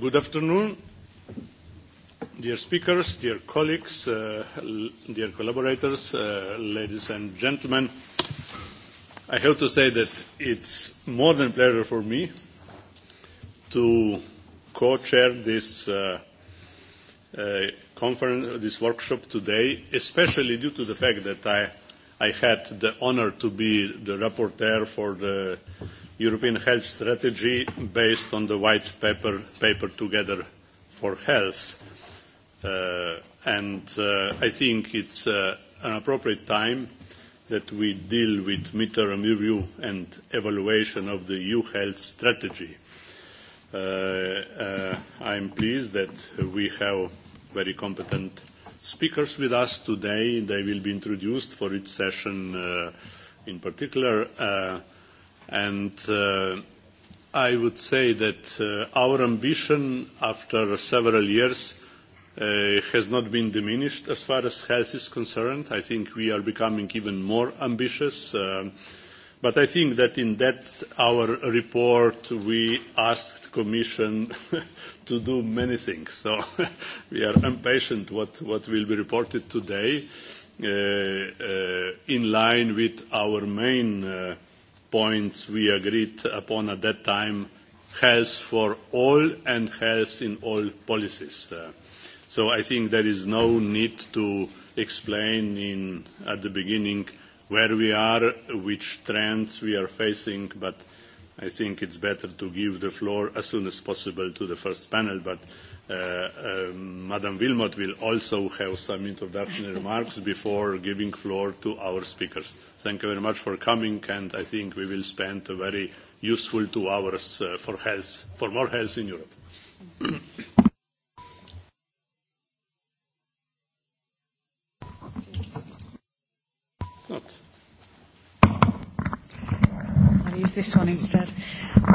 Good afternoon, dear speakers, dear colleagues, uh, dear collaborators, uh, ladies and gentlemen. I have to say that it's more than a pleasure for me to co-chair this uh, conference, this workshop today, especially due to the fact that I, I had the honor to be the rapporteur for the European Health Strategy based on the white paper, paper Together for Health. Uh, and uh, I think it's uh, an appropriate time that we deal with midterm review and evaluation of the EU health strategy. Uh, uh, I'm pleased that we have very competent speakers with us today. They will be introduced for each session uh, in particular. Uh, And uh, I would say that uh, our ambition after several years uh, has not been diminished as far as health is concerned. I think we are becoming even more ambitious. Um, but I think that in that our report we asked Commission to do many things. So we are impatient what, what will be reported today in line with our main points we agreed upon at that time, health for all and health in all policies. Uh, so I think there is no need to explain in, at the beginning where we are, which trends we are facing, but I think it's better to give the floor as soon as possible to the first panel. But Uh, uh, Madam Wilmot will also have some introductory remarks before giving floor to our speakers. Thank you very much for coming, and I think we will spend a very useful two hours uh, for health, for more health in Europe. Not use this one instead.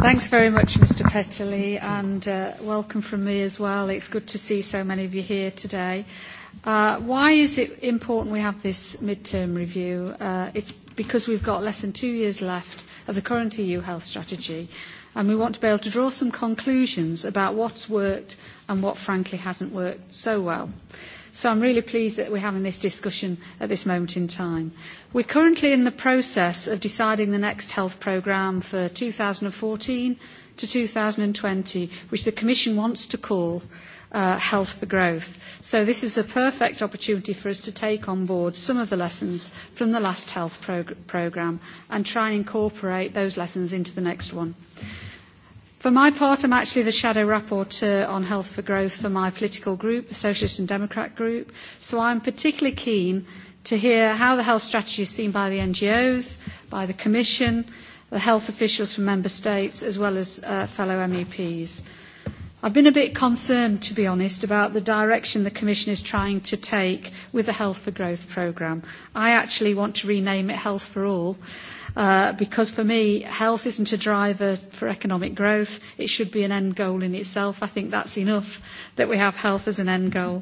Thanks very much, Mr. Petterly, and uh, welcome from me as well. It's good to see so many of you here today. Uh, why is it important we have this midterm review? Uh, it's because we've got less than two years left of the current EU health strategy, and we want to be able to draw some conclusions about what's worked and what, frankly, hasn't worked so well. Uh, So I'm really pleased that we're having this discussion at this moment in time. We're currently in the process of deciding the next health programme for 2014 to 2020, which the Commission wants to call uh, Health for Growth. So this is a perfect opportunity for us to take on board some of the lessons from the last health prog programme and try and incorporate those lessons into the next one. For my part, I'm actually the shadow rapporteur on health for growth for my political group, the Socialist and Democrat group, so I'm particularly keen to hear how the health strategy is seen by the NGOs, by the Commission, the health officials from member states, as well as uh, fellow MEPs. I've been a bit concerned, to be honest, about the direction the Commission is trying to take with the Health for Growth programme. I actually want to rename it Health for All. Uh, because for me, health isn't a driver for economic growth. It should be an end goal in itself. I think that's enough that we have health as an end goal.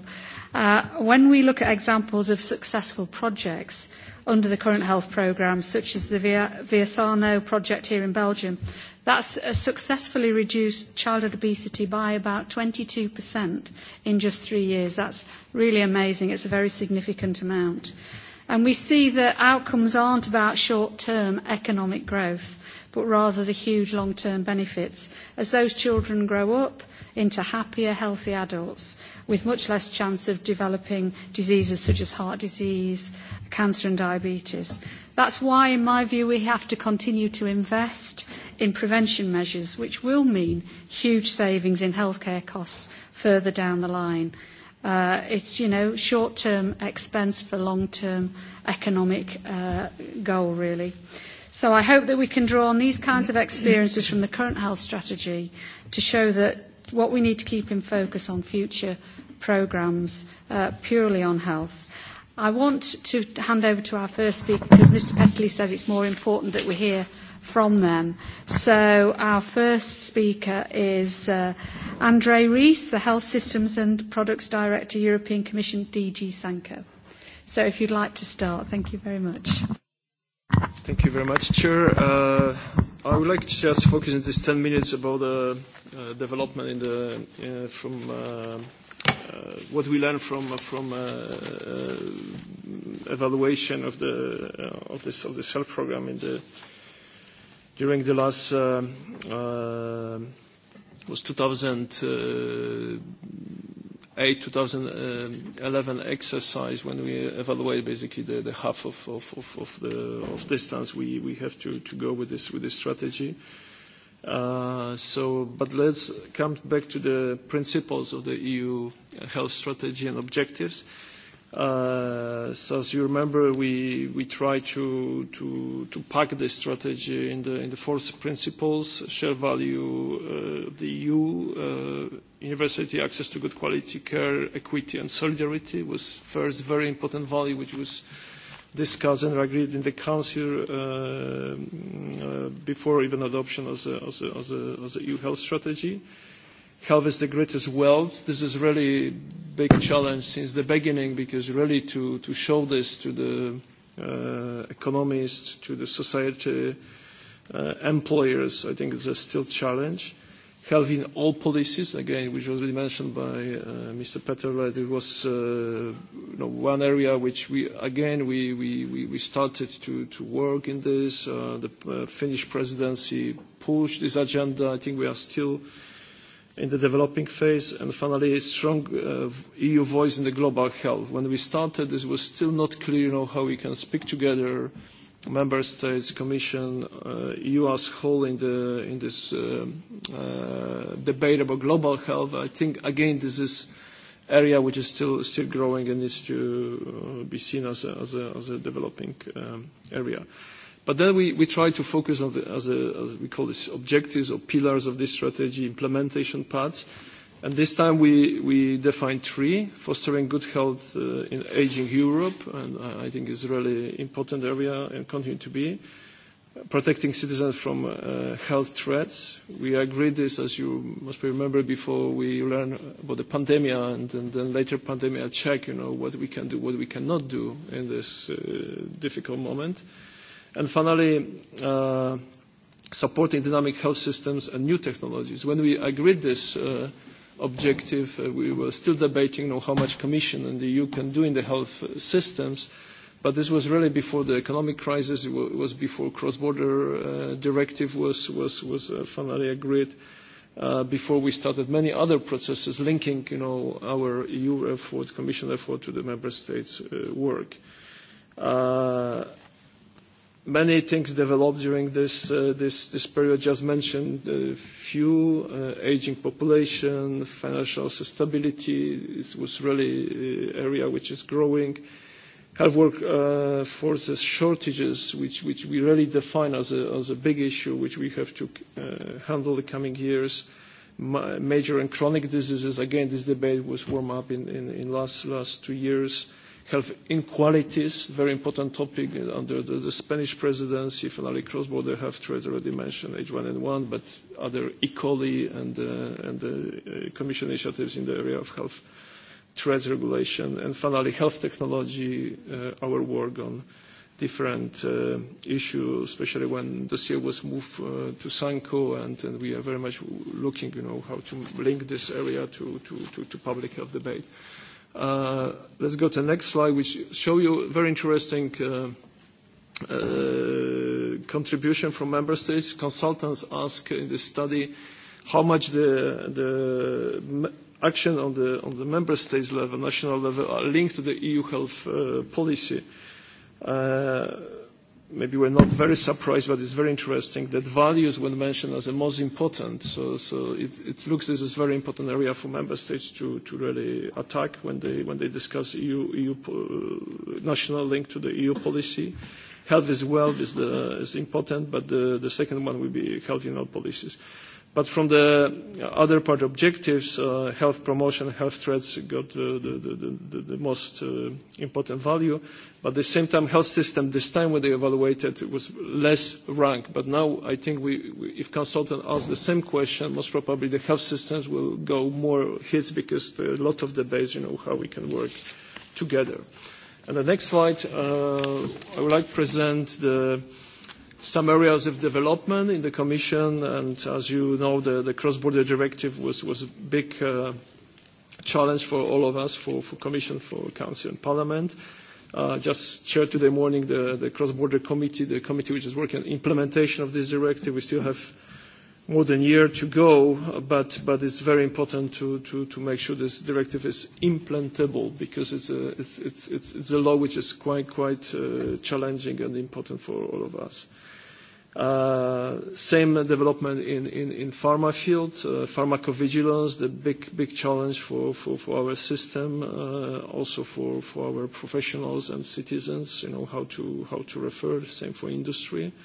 Uh, when we look at examples of successful projects under the current health programme, such as the Via Viasano project here in Belgium, That's uh, successfully reduced childhood obesity by about 22% in just three years. That's really amazing. It's a very significant amount. And we see that outcomes aren't about short-term economic growth, but rather the huge long-term benefits as those children grow up into happier, healthy adults with much less chance of developing diseases such as heart disease, cancer and diabetes. That's why, in my view, we have to continue to invest in prevention measures, which will mean huge savings in healthcare costs further down the line. Uh, it's, you know, short-term expense for long-term economic uh, goal, really. So I hope that we can draw on these kinds of experiences from the current health strategy to show that what we need to keep in focus on future programmes uh, purely on health. I want to hand over to our first speaker because Mr. Petley says it's more important that we hear from them. So our first speaker is uh, Andre Rees, the Health Systems and Products Director, European Commission, DG Sanko. So if you'd like to start, thank you very much. Thank you very much, Chair. Uh, I would like to just focus in these 10 minutes about the uh, development in the, uh, from uh, uh, what we learn from uh, from uh, uh, evaluation of the uh, of this of the cell program in the during the last uh, uh, was 2008 2011 exercise when we evaluate basically the, the half of, of, of, of the of distance we, we have to, to go with this with this strategy. Uh, Uh, so, but let's come back to the principles of the EU health strategy and objectives. Uh, so as you remember, we, we try to, to, to pack this strategy in the, in the four principles, share value uh, of the EU, uh, university access to good quality care, equity and solidarity was first very important value, which was discussed and agreed in the Council uh, uh, before even adoption of the, of, the, of, the, of the EU health strategy. Health is the greatest wealth. This is really a big challenge since the beginning because really to, to show this to the uh, economists, to the society, uh, employers, I think is a still challenge. Health in all policies, again, which was mentioned by uh, Mr. Peterle, it was uh, you know, one area which we, again, we, we, we started to, to work in this. Uh, the uh, Finnish presidency pushed this agenda. I think we are still in the developing phase. And finally, a strong uh, EU voice in the global health. When we started, this was still not clear you know, how we can speak together, uh, member states, commission, uh, you as whole in, the, in this uh, uh, debate about global health. I think, again, this is area which is still, still growing and needs to uh, be seen as a, as a, as a developing um, area. But then we, we try to focus on, the, as, a, as we call this, objectives or pillars of this strategy, implementation parts And this time we, we defined three, fostering good health uh, in aging Europe, and I think it's really important area and continue to be, protecting citizens from uh, health threats. We agreed this, as you must remember, before we learned about the pandemic and, and then later pandemic check, you know, what we can do, what we cannot do in this uh, difficult moment. And finally, uh, supporting dynamic health systems and new technologies. When we agreed this, uh, objective. Uh, we were still debating you know, how much Commission and the EU can do in the health uh, systems, but this was really before the economic crisis. It was before cross-border uh, directive was, was, was uh, finally agreed. Uh, before we started many other processes linking you know, our EU effort, Commission effort to the Member States' uh, work many things developed during this, uh, this, period just mentioned. Uh, few ageing uh, aging population, financial stability was really area which is growing. Health work forces shortages, which, we really define as a, big issue, which we have to handle the coming years. major and chronic diseases, again, this debate was warm up in, last, last two years health inequalities, very important topic uh, under the, the Spanish presidency, finally cross-border health trade already mentioned, H1N1, but other E. coli and, uh, and the uh, commission initiatives in the area of health trade regulation, and finally health technology, uh, our work on different uh, issues, especially when the seal was moved uh, to Sanko, and, and we are very much looking, you know, how to link this area to, to, to, to public health debate. Uh, let's go to the next slide, which show you very interesting uh, uh, contribution from member states. Consultants ask in this study how much the, the action on the, on the member states level, national level, are linked to the EU health uh, policy. Uh, maybe we're not very surprised, but it's very interesting that values were mentioned as the most important. So, so it, it looks this is a very important area for member states to, to really attack when they, when they discuss EU, EU po- uh, national link to the EU policy. Health as well is, the, is important, but the, the second one will be health in all policies. Uh, But from the other part objectives, uh, health promotion, health threats got uh, the, the, the, the most uh, important value. But at the same time, health system, this time when they evaluated, it was less rank. But now I think we, we, if consultants ask the same question, most probably the health systems will go more hits because there are a lot of debates, you know, how we can work together. And the next slide, uh, I would like to present the some areas of development in the Commission, and as you know, the, the cross-border directive was, was a big uh, challenge for all of us, for, for Commission, for Council and Parliament. Uh, just chaired today morning the, the cross-border committee, the committee which is working on implementation of this directive. We still have more than a year to go, uh, but, but it's very important to, to, to make sure this directive is implantable because it's a, it's, it's, it's, it's a law which is quite, quite uh, challenging and important for all of us. Uh, same development in, in, in pharma field, uh, pharmacovigilance, the big, big challenge for, for, for our system, uh, also for, for our professionals and citizens, you know, how to, how to refer, same for industry. Uh,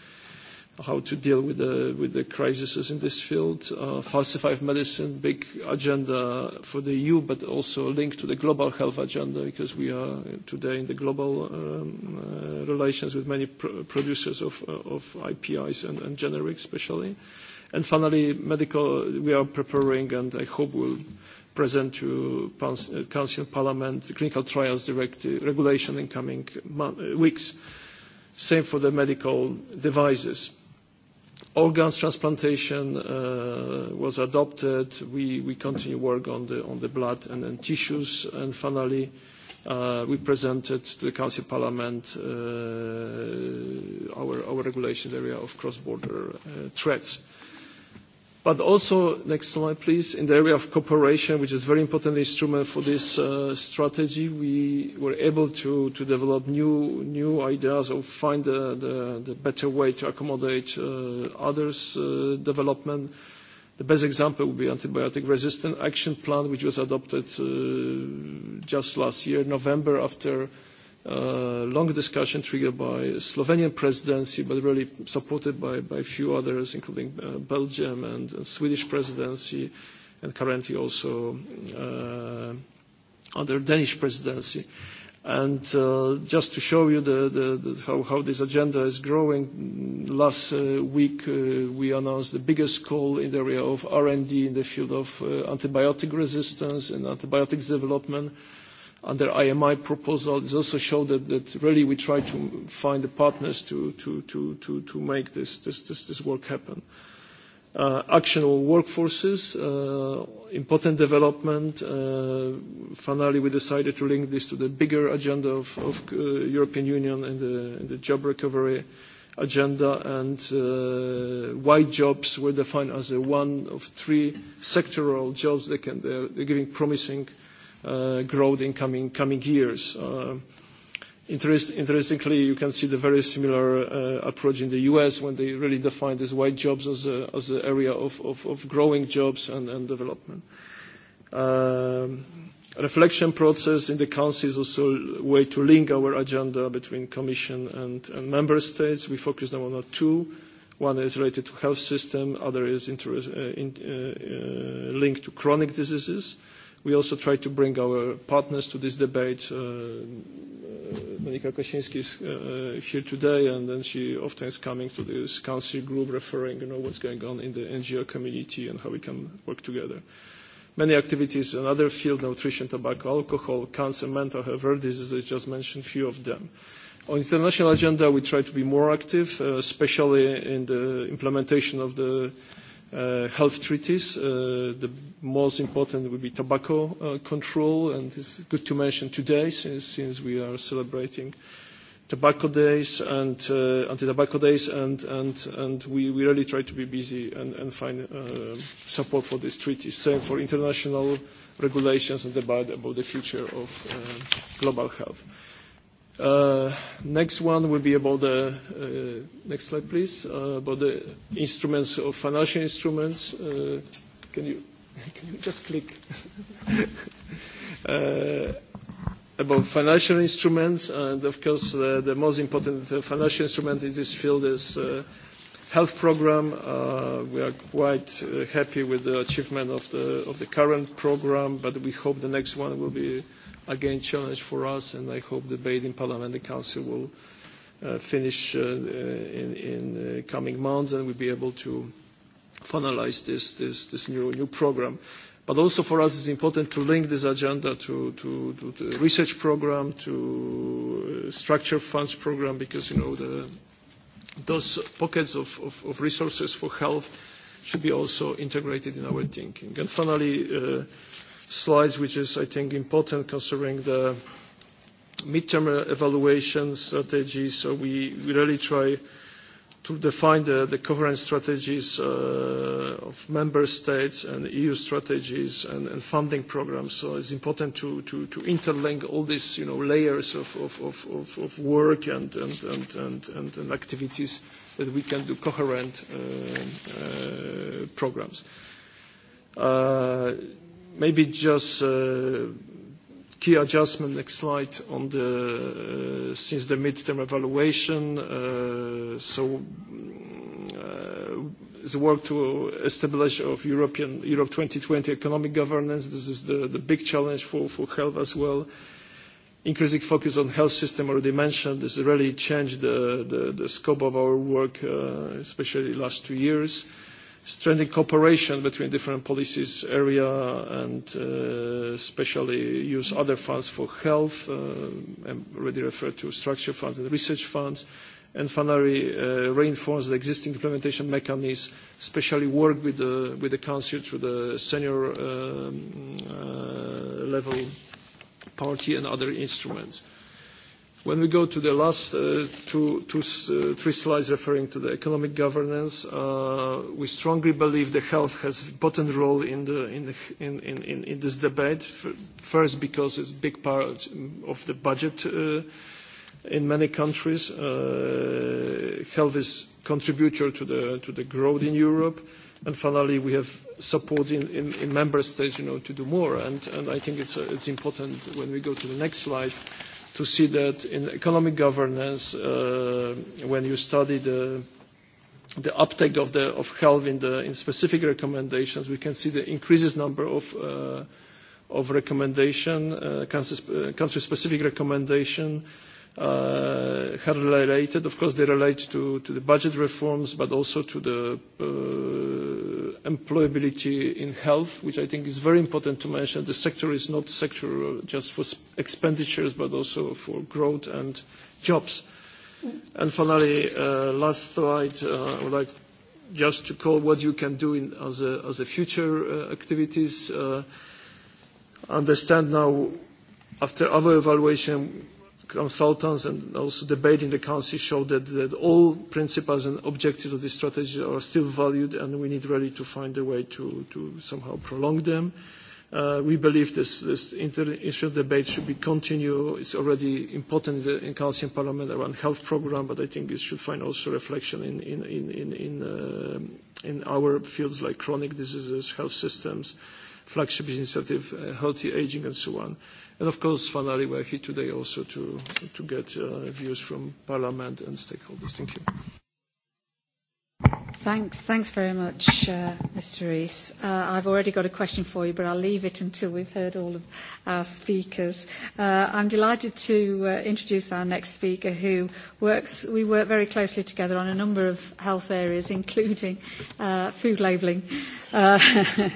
how to deal with the, with the crises in this field. Uh, falsified medicine, big agenda for the EU, but also linked to the global health agenda because we are today in the global um, uh, relations with many pr producers of, uh, of IPIs and, and generics especially. And finally, medical, we are preparing and I hope will present to uh, Council Parliament the clinical trials directive regulation in coming uh, weeks. Same for the medical devices. Organs transplantation uh, was adopted. We, we continue work on the, on the blood and, and tissues. And finally, uh, we presented to the Council Parliament uh, our, our regulation area of cross-border uh, threats but also, next slide please, in the area of cooperation, which is very important instrument for this uh, strategy, we were able to, to develop new, new ideas or find the, the, the better way to accommodate uh, others' uh, development. The best example would be antibiotic resistant action plan, which was adopted uh, just last year, November, after Uh, long discussion triggered by Slovenian presidency, but really supported by, by a few others, including uh, Belgium and, and Swedish presidency, and currently also uh, under Danish presidency. And uh, just to show you the, the, the, how, how this agenda is growing, last uh, week uh, we announced the biggest call in the area of R&D in the field of uh, antibiotic resistance and antibiotics development. Uh, under IMI proposal is also showed that, really we try to find the partners to, make this, work happen. Uh, action on workforces, uh, important development. Uh, finally, we decided to link this to the bigger agenda of, European Union and the, job recovery agenda, and why jobs were defined as one of three sectoral jobs that can, they're giving promising Uh, growth in coming, coming years. Uh, interestingly, you can see the very similar uh, approach in the US when they really define these white jobs as, as an area of, of, growing jobs and, and development. Um, reflection process in the Council is also a way to link our agenda between Commission and, Member States. We focus now on two. One is related to health system, other is linked to chronic diseases. We also try to bring our partners to this debate. Uh, uh, Monika Kosinski is uh, uh, here today, and then she often is coming to this council group, referring, you know, what's going on in the NGO community and how we can work together. Many activities in other fields, nutrition, tobacco, alcohol, cancer, mental health, rare diseases, I just mentioned a few of them. On international agenda, we try to be more active, uh, especially in the implementation of the uh, health treaties. Uh, the most important would be tobacco uh, control, and it's good to mention today since, since we are celebrating tobacco days and uh, anti-tobacco days, and, and, and we, we really try to be busy and, and find uh, support for these treaties. Same for international regulations and debate about the future of uh, global health. Uh, next one will be about the uh, next slide, please. Uh, about the instruments of financial instruments. Can you, can you just click? About financial instruments, and of course, the most important financial instrument in this field is health program. We are quite happy with the achievement of the, of the current program, but we hope the next one will be again challenge for us, and I hope debate in Parliament and Council will uh, finish uh, in, in uh, coming months, and we'll be able to finalize this, this, this new, new program. But also for us, it's important to link this agenda to, to, to the research program, to uh, structure funds program, because, you know, the, those pockets of, of, of resources for health should be also integrated in our thinking. And finally, uh, slides, which is, I think, important considering the midterm evaluation strategy. So we, we really try to define the, the coherent strategies uh, of member states and EU strategies and, and funding programs. So it's important to, to, to interlink all these, you know, layers of, of, of, of work and, and, and activities that we can do coherent uh, uh, programs. Uh, Maybe just uh, key adjustment, next slide, on the uh, since the midterm evaluation. Uh, so mm, uh, the work to establish of European Europe 2020 economic governance. This is the, the big challenge for, for health as well. Increasing focus on health system already mentioned. This really changed the, the, the scope of our work, uh, especially last two years strengthening cooperation between different policies area and uh, especially use other funds for health, uh, I'm already referred to structure funds and research funds, and finally uh, reinforce the existing implementation mechanisms, especially work with the, with the Council through the senior um, uh, level party and other instruments. When we go to the last uh, two, two, uh, three slides referring to the economic governance, uh, we strongly believe that health has an important role in, this debate. First, because it's a big part of the budget in many countries. health is contributor to the, growth in Europe. And finally, we have support in, member states, you know, to do more. And, I think it's important when we go to the next slide to see that in economic governance, uh, when you study the, the uptake of, the, of health in, the, in specific recommendations, we can see the increases number of, uh, of recommendation, uh, country-specific recommendation, uh, related. Of course, they relate to, to the budget reforms, but also to the uh, employability in health, which I think is very important to mention. The sector is not sector just for expenditures, but also for growth and jobs. Mm. And finally, uh, last slide, uh, I would like just to call what you can do in, as, a, as a future uh, activities. Uh, understand now, after our evaluation, consultants and also debate in the council showed that, that all principles and objectives of this strategy are still valued and we need really to find a way to, to somehow prolong them. Uh, we believe this, this inter-issue debate should be continued. It's already important in Council and Parliament around health programme, but I think it should find also reflection in, in, in, in, uh, in our fields like chronic diseases, health systems, flagship initiative, uh, healthy ageing, and so on. And of course, finally, we're here today also to, to get uh, views from Parliament and stakeholders. Thank you. Thanks. Thanks very much, uh, Mr. Rees. Uh, I've already got a question for you, but I'll leave it until we've heard all of our speakers. Uh, I'm delighted to uh, introduce our next speaker, who works. We work very closely together on a number of health areas, including uh, food labelling, uh,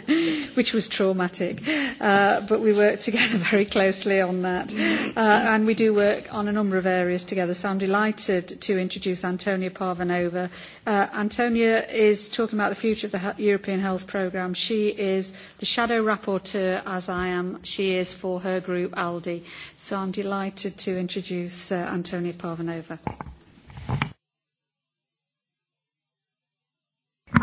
which was traumatic, uh, but we work together very closely on that, uh, and we do work on a number of areas together. So I'm delighted to introduce Antonia Parvanova. Uh, Antonia is talking about the future of the European Health Programme. She is the shadow rapporteur, as I am. She is for her group, ALDI. So I'm delighted to introduce uh, Antonia Parvanova.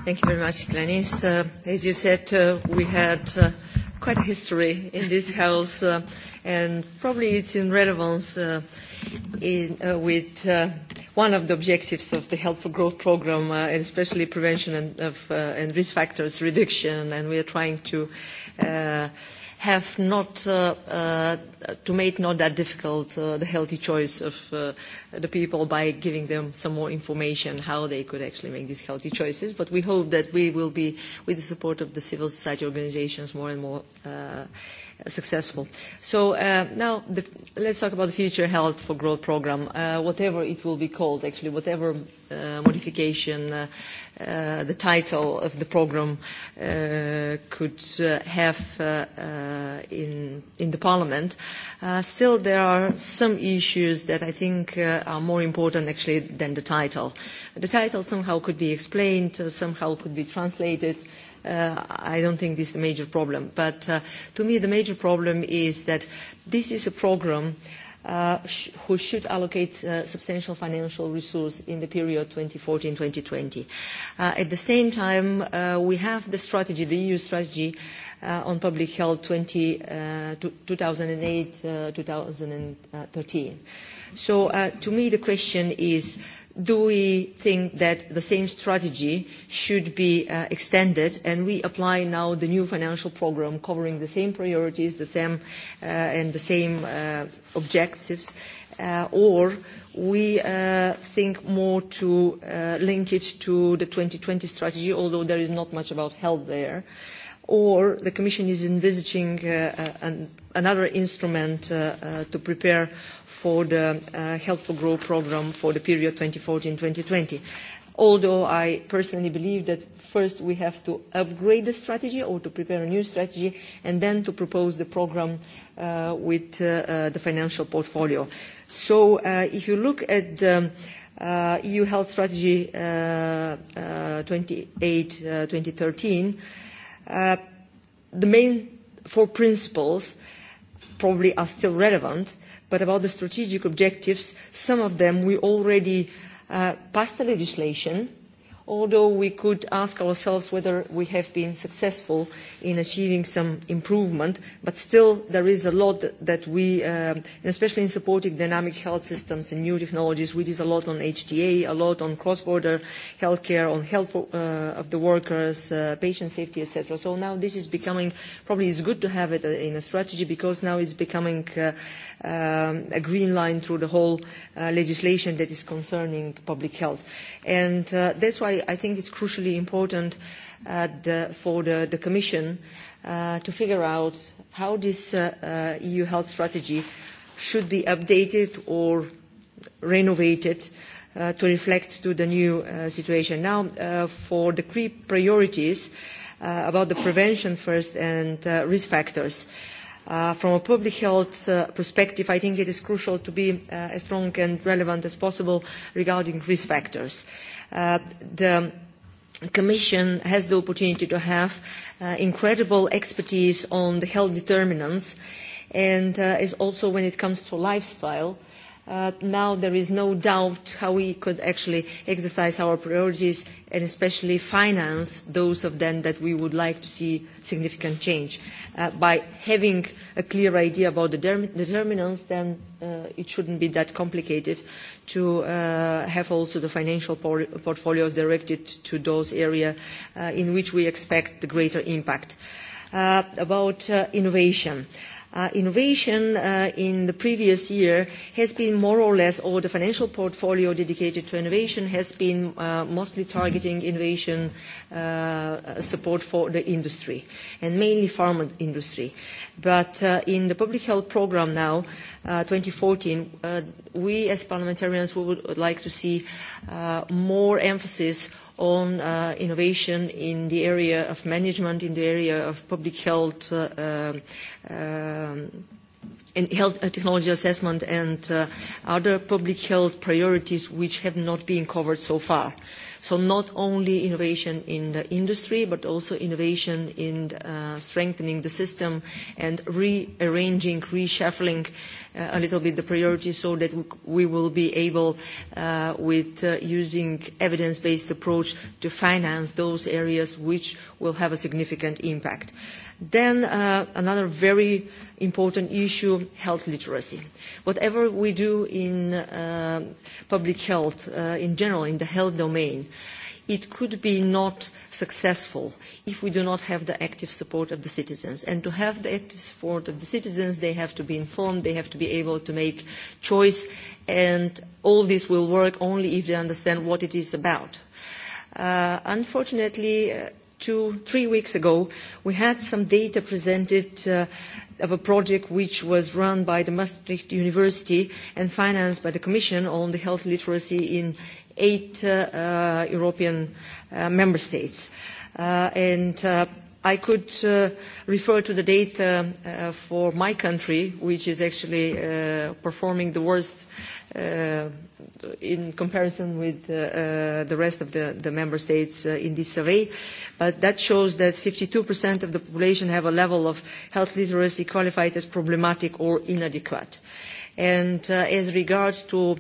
Thank you very much, Glenis. Uh, as you said, uh, we had uh, quite a history in this house, uh, and probably it's in relevance uh, in, uh, with uh, one of the objectives of the Health for Growth program, uh, and especially prevention and, of, uh, and risk factors reduction, and we are trying to uh, have not uh, uh, to make not that difficult uh, the healthy choice of uh, the people by giving them some more information how they could actually make these healthy choices. But we hope that we will be, with the support of the civil society organizations, more and more uh, successful. So uh, now the, let's talk about the Future Health for Growth program, uh, whatever it will be called, actually, whatever uh, modification uh, uh, the title of the program uh, could uh, have uh, uh, in, in the Parliament. Uh, still, there are some issues that I think uh, are more important, actually, than the title. The title somehow could be explained, uh, somehow could be translated, uh, uh, I don't think this is the major problem. But uh, to me, the major problem is that this is a program uh, sh who should allocate uh, substantial financial resource in the period 2014-2020. Uh, at the same time, uh, we have the strategy, the EU strategy, Uh, on public health 2008-2013. Uh, uh so uh, to me the question is do we think that the same strategy should be uh, extended and we apply now the new financial program covering the same priorities, the same uh, and the same uh, objectives, uh, or we uh, think more to uh, link it to the 2020 strategy, although there is not much about health there. Or the Commission is envisaging uh, an, another instrument uh, uh, to prepare for the uh, Health for Growth program for the period 2014-2020. Although I personally believe that first we have to upgrade the strategy or to prepare a new strategy and then to propose the program uh, with uh, uh, the financial portfolio. So uh, if you look at um, uh, EU Health Strategy uh, uh, 28 uh, 2013, uh, the main four principles probably are still relevant, But about the strategic objectives, some of them we already uh, passed the legislation although we could ask ourselves whether we have been successful in achieving some improvement, but still there is a lot that we, uh, especially in supporting dynamic health systems and new technologies, we did a lot on HDA, a lot on cross-border healthcare, on health uh, of the workers, uh, patient safety, etc. So now this is becoming, probably it's good to have it uh, in a strategy because now it's becoming uh, um, a green line through the whole uh, legislation that is concerning public health. And uh, that's why I think it's crucially important uh, the, for the, the Commission uh, to figure out how this uh, uh, EU health strategy should be updated or renovated uh, to reflect to the new uh, situation. Now, uh, for the key priorities uh, about the prevention first and uh, risk factors. Uh, Uh, from a public health uh, perspective, I think it is crucial to be uh, as strong and relevant as possible regarding risk factors. Uh, the Commission has the opportunity to have uh, incredible expertise on the health determinants and is also when it comes to lifestyle Uh, now there is no doubt how we could actually exercise our priorities and especially finance those of them that we would like to see significant change. Uh, by having a clear idea about the determinants, then uh, it shouldn't be that complicated to uh, have also the financial por portfolios directed to those areas uh, in which we expect the greater impact. Uh, about uh, innovation. Uh, Uh, innovation uh, in the previous year has been more or less, all the financial portfolio dedicated to innovation has been uh, mostly targeting innovation uh, support for the industry, and mainly pharma industry. But uh, in the public health program now, 2014, uh, we as parliamentarians we would like to see uh, more emphasis on uh, innovation in the area of management, in the area of public health uh, um, and health uh, technology assessment and uh, other public health priorities which have not been covered so far. So not only innovation in the industry, but also innovation in uh, strengthening the system and rearranging, reshuffling uh, a little bit the priorities so that we will be able, uh, with uh, using evidence-based approach, to finance those areas which will have a significant impact. Uh, Then uh, another very important issue, health literacy. Whatever we do in uh, public health, uh, in general, in the health domain, it could be not successful if we do not have the active support of the citizens. And to have the active support of the citizens, they have to be informed, they have to be able to make choice, and all this will work only if they understand what it is about. Uh, unfortunately, uh, two, three weeks ago, we had some data presented uh, of a project which was run by the Maastricht University and financed by the Commission on the health literacy in eight uh, uh, European uh, member states. Uh, and uh, I could uh, refer to the data uh, for my country, which is actually uh, performing the worst uh, in comparison with uh, uh, the rest of the, the member states in this survey. But that shows that 52% of the population have a level of health literacy qualified as problematic or inadequate. And as regards to uh,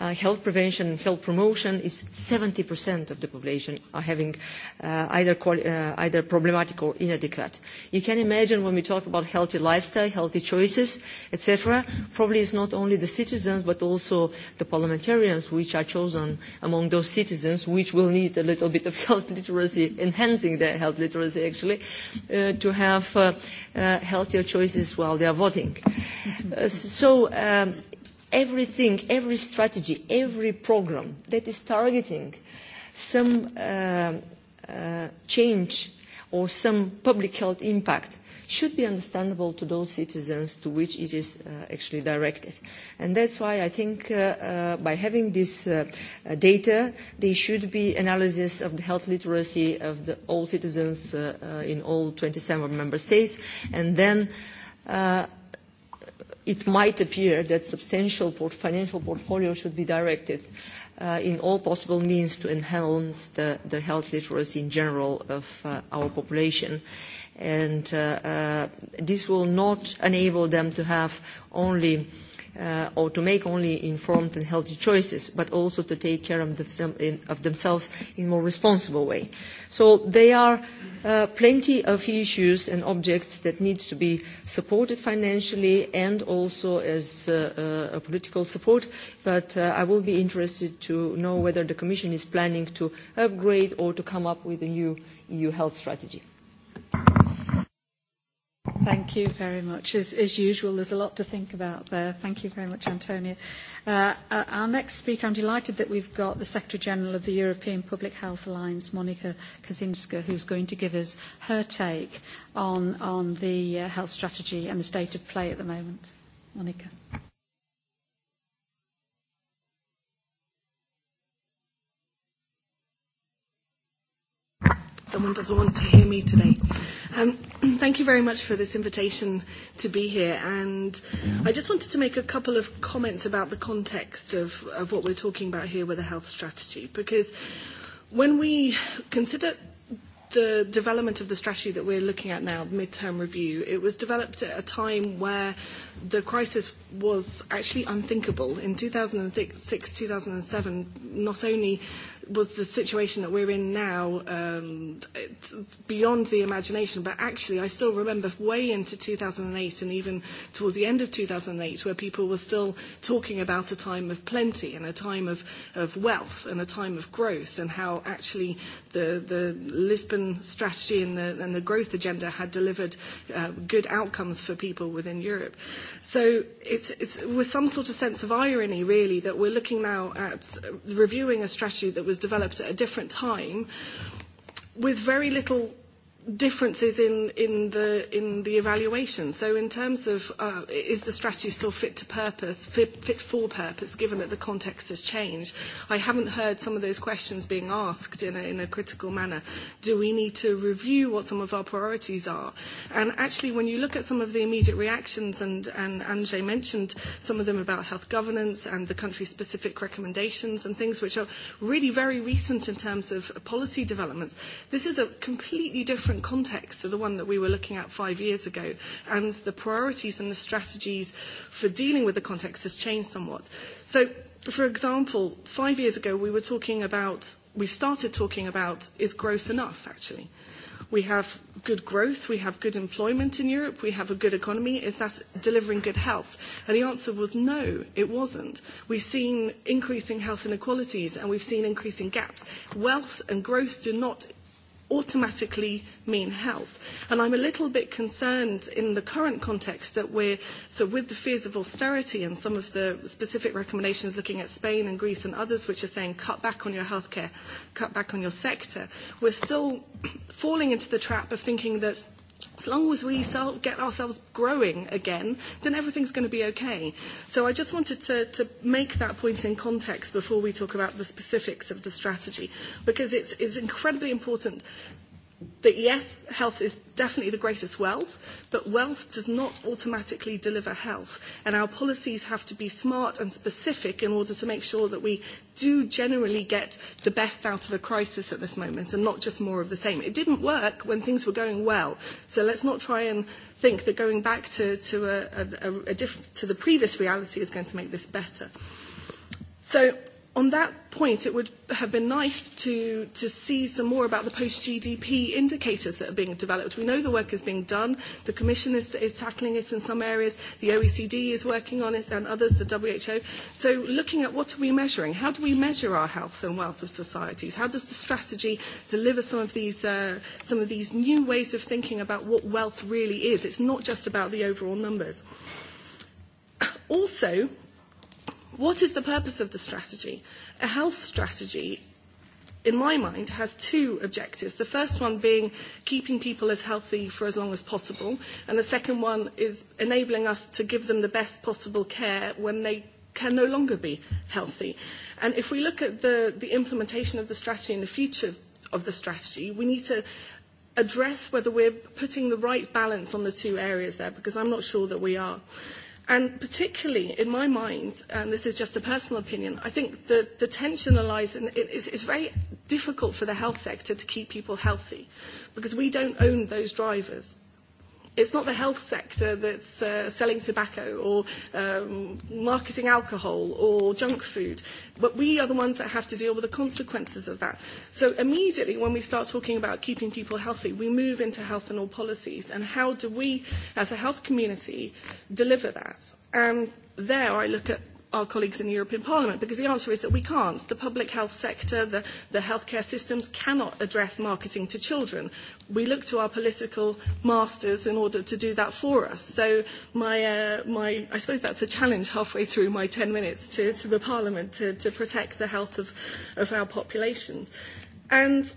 uh, health prevention and health promotion is 70% of the population are having uh, either, uh, either problematic or inadequate. You can imagine when we talk about healthy lifestyle, healthy choices, etc., probably it's not only the citizens but also the parliamentarians which are chosen among those citizens which will need a little bit of health literacy, enhancing their health literacy actually, uh, to have uh, uh, healthier choices while they are voting. Uh, so um, everything, every strategy, every program that is targeting some uh, uh, change or some public health impact should be understandable to those citizens to which it is uh, actually directed. And that's why I think uh, uh, by having this uh, uh data, there should be analysis of the health literacy of the, all citizens uh, uh, in all 27 member states, and then uh, it might appear that substantial port financial portfolio should be directed uh, in all possible means to enhance the, the health literacy in general of uh, our population. And uh, uh, this will not enable them to have only uh, uh, or to make only informed and healthy choices, but also to take care of, them, of themselves in a more responsible way. So there are uh, plenty of issues and objects that need to be supported financially and also as uh, uh political support, but uh, I will be interested to know whether the Commission is planning to upgrade or to come up with a new EU health strategy. Thank you very much. As, as usual, there's a lot to think about there. Thank you very much, Antonia. Uh, uh our next speaker, I'm delighted that we've got the Secretary-General of the European Public Health Alliance, Monica Kaczynska, who's going to give us her take on, on the uh, health strategy and the state of play at the moment. Monica. someone doesn't want to hear me today. Um, thank you very much for this invitation to be here. And I just wanted to make a couple of comments about the context of, of what we're talking about here with the health strategy. Because when we consider the development of the strategy that we're looking at now, the midterm review, it was developed at a time where the crisis was actually unthinkable. In 2006, 2007, not only was the situation that we're in now um, it's beyond the imagination, but actually I still remember way into 2008 and even towards the end of 2008 where people were still talking about a time of plenty and a time of, of wealth and a time of growth and how actually the, the Lisbon strategy and the, and the growth agenda had delivered uh, good outcomes for people within Europe. So it it's, it's with some sort of sense of irony, really, that we're looking now at reviewing a strategy that was developed at a different time with very little differences in, in, the, in the evaluation. So in terms of uh, is the strategy still fit to purpose, fit, fit for purpose, given that the context has changed, I haven't heard some of those questions being asked in a, in a critical manner. Do we need to review what some of our priorities are? And actually, when you look at some of the immediate reactions, and, and Anjay mentioned some of them about health governance and the country-specific recommendations and things which are really very recent in terms of policy developments, this is a completely different different context to the one that we were looking at five years ago, and the priorities and the strategies for dealing with the context has changed somewhat. So, for example, five years ago we were talking about, we started talking about, is growth enough actually? We have good growth, we have good employment in Europe, we have a good economy. Is that delivering good health? And the answer was no, it wasn't. We've seen increasing health inequalities and we've seen increasing gaps. Wealth and growth do not automatically mean health. And I'm a little bit concerned in the current context that we're, so with the fears of austerity and some of the specific recommendations looking at Spain and Greece and others, which are saying cut back on your healthcare, cut back on your sector, we're still falling into the trap of thinking that as long as we sell, get ourselves growing again, then everything's going to be okay. So I just wanted to, to make that point in context before we talk about the specifics of the strategy, because it's, it's incredibly important that yes, health is definitely the greatest wealth, but wealth does not automatically deliver health. And our policies have to be smart and specific in order to make sure that we do generally get the best out of a crisis at this moment and not just more of the same. It didn't work when things were going well. So let's not try and think that going back to, to, a, a, a diff- to the previous reality is going to make this better. So on that point, it would have been nice to, to see some more about the post-GDP indicators that are being developed. We know the work is being done. The Commission is, is tackling it in some areas. The OECD is working on it and others, the WHO. So looking at what are we measuring? How do we measure our health and wealth of societies? How does the strategy deliver some of these, uh, some of these new ways of thinking about what wealth really is? It's not just about the overall numbers. Also, What is the purpose of the strategy? A health strategy in my mind, has two objectives. The first one being keeping people as healthy for as long as possible, and the second one is enabling us to give them the best possible care when they can no longer be healthy. And if we look at the, the implementation of the strategy and the future of the strategy, we need to address whether we're putting the right balance on the two areas there, because I'm not sure that we are. And particularly, in my mind, and this is just a personal opinion, I think the, the tension lies in it is, it's very difficult for the health sector to keep people healthy because we don't own those drivers. It's not the health sector that's uh, selling tobacco or um, marketing alcohol or junk food, but we are the ones that have to deal with the consequences of that. So immediately when we start talking about keeping people healthy, we move into health and all policies and how do we as a health community deliver that? And there I look at our colleagues in the European Parliament? Because the answer is that we can't. The public health sector, the, the healthcare systems cannot address marketing to children. We look to our political masters in order to do that for us. So my, uh, my, I suppose that's a challenge halfway through my 10 minutes to, to the Parliament to, to protect the health of, of our populations. And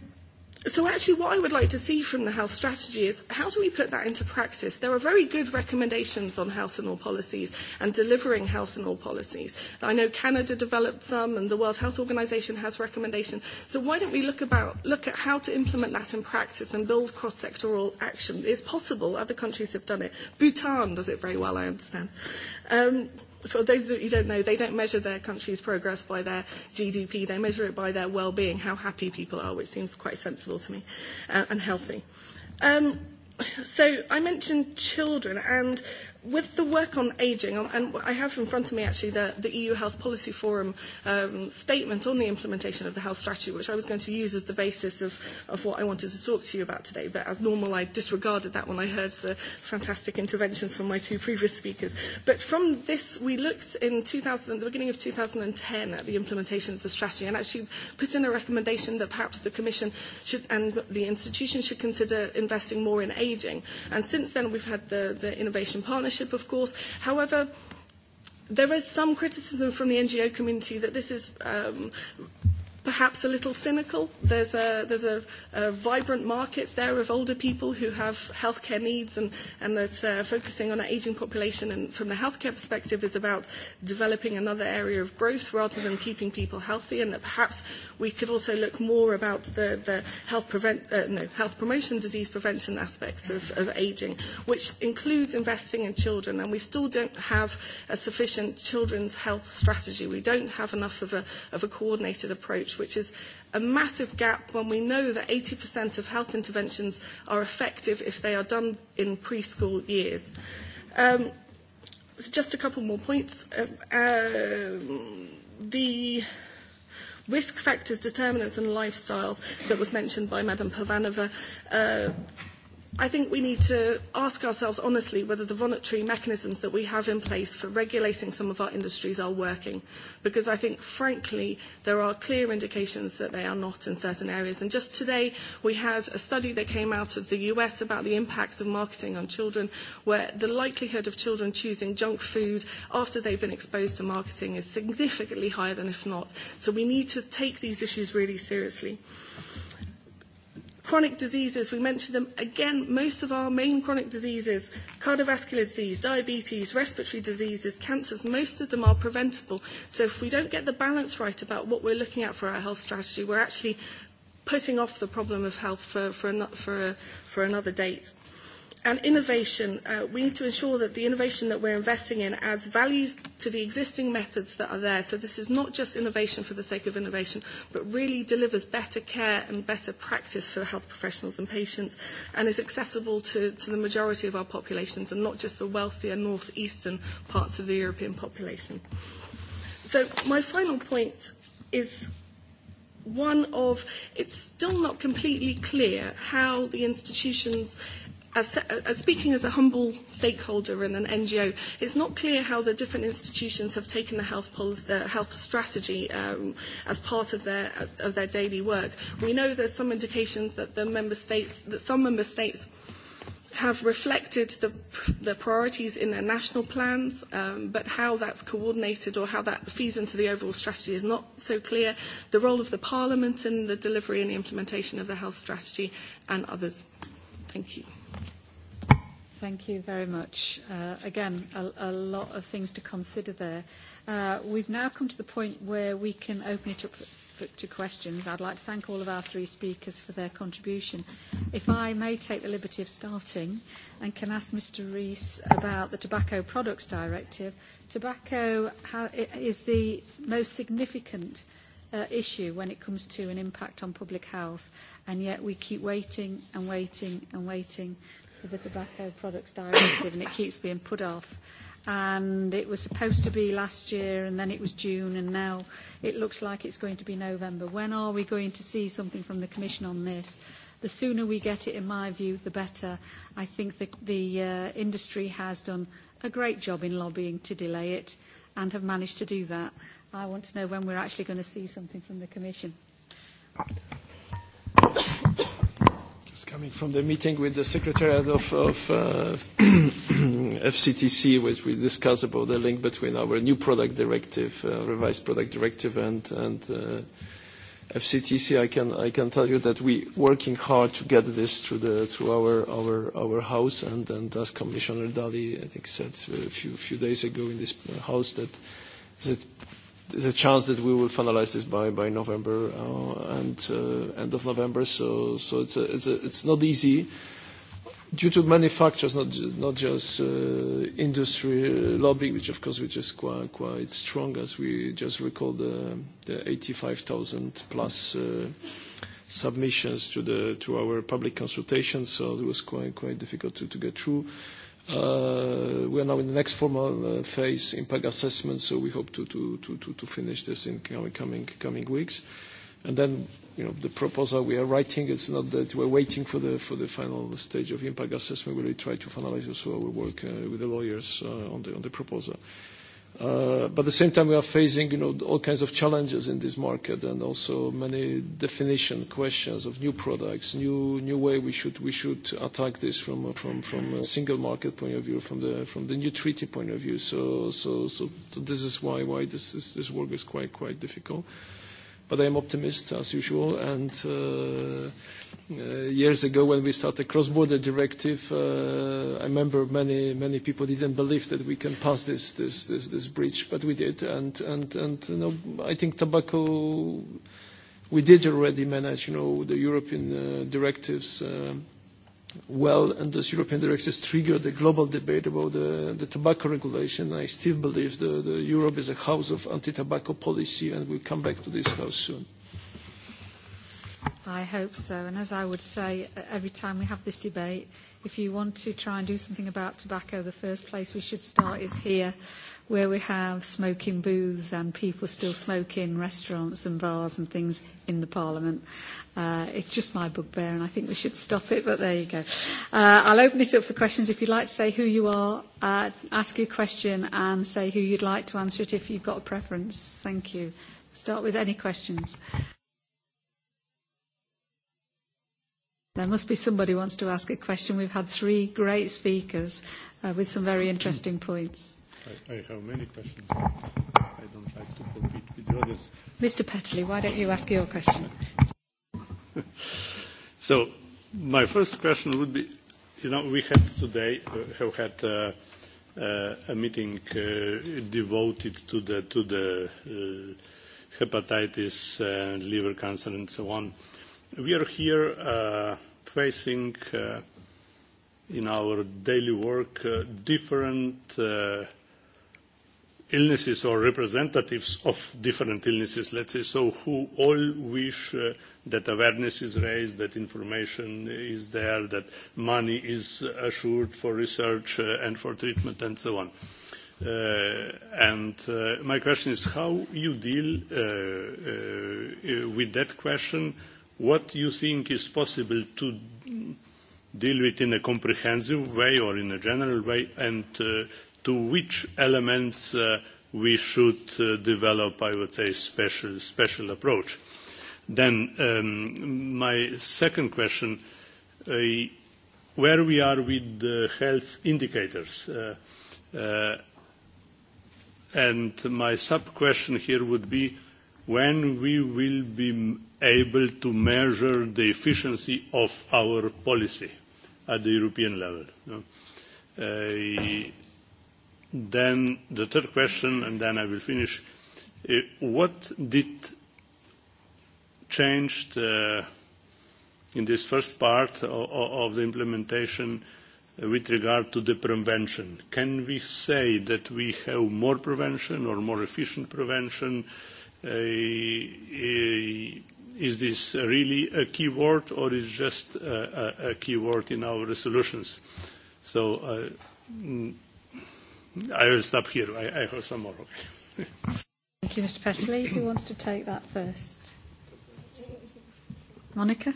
So actually what I would like to see from the health strategy is how do we put that into practice? There are very good recommendations on health and all policies and delivering health and all policies. I know Canada developed some and the World Health Organization has recommendations. So why don't we look, about, look at how to implement that in practice and build cross-sectoral action? It's possible. Other countries have done it. Bhutan does it very well, I understand. Um, for those that you don't know, they don't measure their country's progress by their GDP. They measure it by their well-being, how happy people are, which seems quite sensible to me, uh, and healthy. Um, so I mentioned children, and with the work on ageing, um, and I have in front of me actually the, the EU Health Policy Forum um, statement on the implementation of the health strategy, which I was going to use as the basis of, of what I wanted to talk to you about today. But as normal, I disregarded that when I heard the fantastic interventions from my two previous speakers. But from this, we looked in 2000, the beginning of 2010 at the implementation of the strategy and actually put in a recommendation that perhaps the Commission should, and the institution should consider investing more in ageing. And since then, we've had the, the Innovation Partnership ownership, of course. However, there is some criticism from the NGO community that this is um, perhaps a little cynical. There's a, there's a, a vibrant market there of older people who have healthcare needs, and, and that uh, focusing on an aging population and from the healthcare perspective is about developing another area of growth rather than keeping people healthy, and that perhaps We could also look more about the, the health, prevent, uh, no, health promotion disease prevention aspects of, of ageing, which includes investing in children. And we still don't have a sufficient children's health strategy. We don't have enough of a, of a coordinated approach, which is a massive gap when we know that 80% of health interventions are effective if they are done in preschool years. Um, so just a couple more points. Uh, um, the risk factors, determinants and lifestyles that was mentioned by Madam Pavanova. Uh, I think we need to ask ourselves honestly whether the voluntary mechanisms that we have in place for regulating some of our industries are working, because I think, frankly, there are clear indications that they are not in certain areas. And just today, we had a study that came out of the US about the impacts of marketing on children, where the likelihood of children choosing junk food after they've been exposed to marketing is significantly higher than if not. So we need to take these issues really seriously. Chronic diseases, we mentioned them again, most of our main chronic diseases, cardiovascular disease, diabetes, respiratory diseases, cancers, most of them are preventable. So if we don't get the balance right about what we're looking at for our health strategy, we're actually putting off the problem of health for, for, an, for, a, for another date and innovation, uh, we need to ensure that the innovation that we're investing in adds values to the existing methods that are there. So this is not just innovation for the sake of innovation, but really delivers better care and better practice for health professionals and patients and is accessible to, to the majority of our populations and not just the wealthier northeastern parts of the European population. So my final point is one of it's still not completely clear how the institutions – as, speaking as a humble stakeholder in an NGO, it's not clear how the different institutions have taken the health, policy, the health strategy um, as part of their, of their daily work. We know there's some indications that the member states, that some member states have reflected the, the priorities in their national plans, um, but how that's coordinated or how that feeds into the overall strategy is not so clear. The role of the Parliament in the delivery and the implementation of the health strategy and others. Thank you. Thank you very much. Uh, again, a, a lot of things to consider there. Uh, we've now come to the point where we can open it up for, to questions. I'd like to thank all of our three speakers for their contribution. If I may take the liberty of starting and can ask Mr Rees about the Tobacco Products Directive. Tobacco is the most significant uh, issue when it comes to an impact on public health, and yet we keep waiting and waiting and waiting for the Tobacco Products Directive, and it keeps being put off. And it was supposed to be last year, and then it was June, and now it looks like it's going to be November. When are we going to see something from the Commission on this? The sooner we get it, in my view, the better. I think the, the uh, industry has done a great job in lobbying to delay it and have managed to do that. I want to know when we're actually going to see something from the Commission. Just coming from the meeting with the Secretariat of, of uh, FCTC, which we discussed about the link between our new product directive, uh, revised product directive, and, and uh, FCTC, I can, I can tell you that we working hard to get this through, the, through our, our, our house, and, and as Commissioner Dalli, I think, said a few, few days ago in this house, that, that there's a chance that we will finalize this by, by November uh, and uh, end of November. So, so it's, a, it's, a, it's not easy due to manufacturers, not, not just uh, industry uh, lobby, which of course which is quite, quite strong, as we just recall the, the 85,000 plus uh, submissions to, the, to our public consultation. So it was quite, quite difficult to, to get through. Uh, we are now in the next formal uh, phase, impact assessment, so we hope to, finish this in coming, coming weeks. And then, you know, the proposal we are writing, it's not that we're waiting for the, for the final stage of impact assessment. We really try to finalize also our work uh, with the lawyers on the, on the proposal. Uh, but at the same time, we are facing you know, all kinds of challenges in this market and also many definition questions of new products, new, new way we should, we should attack this from, from, from a single market point of view, from the, from the new treaty point of view. So, so, so, so this is why, why this, is, this work is quite, quite difficult. But I am optimist, as usual, and uh, Uh, years ago when we started cross-border directive, uh, I remember many, many people didn't believe that we can pass this, this, this, this breach, but we did. And, and, and you know, I think tobacco, we did already manage, you know, the European uh, directives uh, well, and those European directives triggered the global debate about the, the tobacco regulation. I still believe the, the Europe is a house of anti-tobacco policy, and we'll come back to this house soon. I hope so. And as I would say every time we have this debate, if you want to try and do something about tobacco, the first place we should start is here, where we have smoking booths and people still smoke in restaurants and bars and things in the Parliament. Uh, it's just my bugbear, and I think we should stop it, but there you go. Uh, I'll open it up for questions. If you'd like to say who you are, uh, ask your question and say who you'd like to answer it if you've got a preference. Thank you. Start with any questions. Uh, There must be somebody who wants to ask a question. We've had three great speakers uh, with some very interesting points. I, I have many questions. I don't like to compete with the others. Mr. Petley, why don't you ask your question? so, my first question would be, you know, we had today, uh, have had uh, uh, a meeting uh, devoted to the, to the uh, hepatitis and uh, liver cancer and so on. Uh, we are here uh, facing uh, in our daily work uh, different uh, illnesses or representatives of different illnesses, let's say, so who all wish uh, that awareness is raised, that information is there, that money is assured for research uh, and for treatment and so on. Uh, and uh, my question is how you deal uh, uh, with that question uh, what you think is possible to deal with in a comprehensive way or in a general way, and uh, to which elements uh, we should uh, develop, I would say, special, special approach. Then um, my second question, uh, where we are with the health indicators. Uh, uh, and my sub-question here would be, when we will be able to measure the efficiency of our policy at the European level. Uh, then the third question, and then I will finish. Uh, what did changed uh, in this first part of, of the implementation eh, with regard to the prevention? Can we say that we have more prevention or more efficient prevention? Uh, Eh, eh, is this really a key word or is just eh, a, a, a key word in our resolutions? So uh, I will stop here. I, I have some more. Okay. Thank you, Mr. Petley. Who wants to take that first? Monica?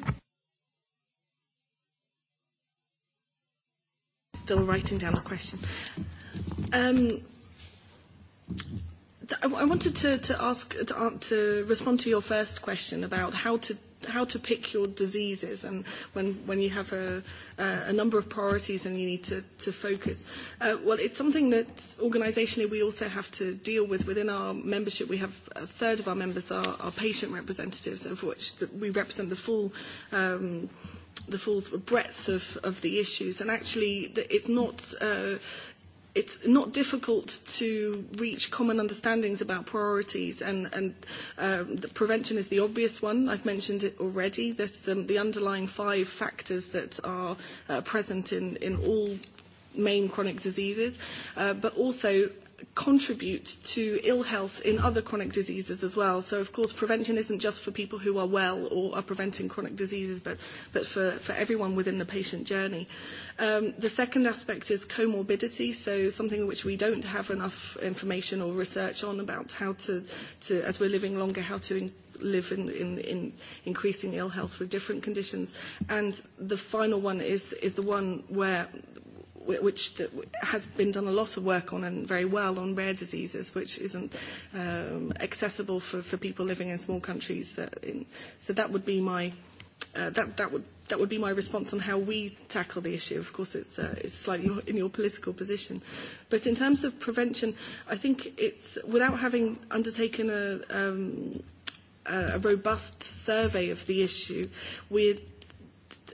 Still writing down the question. Um, I wanted to, to ask to, to respond to your first question about how to how to pick your diseases and when, when you have a, a number of priorities and you need to, to focus. Uh, well, it's something that organisationally we also have to deal with. Within our membership, we have a third of our members are, are patient representatives, of which the, we represent the full. Um, the full breadth of, of the issues. And actually, it's not, uh, it's not difficult to reach common understandings about priorities, and, and um, the prevention is the obvious one. I've mentioned it already. There's the, the underlying five factors that are uh, present in, in all main chronic diseases, uh, but also contribute to ill health in other chronic diseases as well. So, of course, prevention isn't just for people who are well or are preventing chronic diseases, but, but for, for everyone within the patient journey. Um, the second aspect is comorbidity, so something which we don't have enough information or research on about how to, to as we're living longer, how to in, live in, in, in increasing ill health with different conditions. And the final one is, is the one where which has been done a lot of work on and very well on rare diseases, which isn't um, accessible for, for people living in small countries. That in, so that would be my uh, that that would that would be my response on how we tackle the issue. Of course, it's, uh, it's slightly in your political position. But in terms of prevention, I think it's without having undertaken a, um, a robust survey of the issue, we're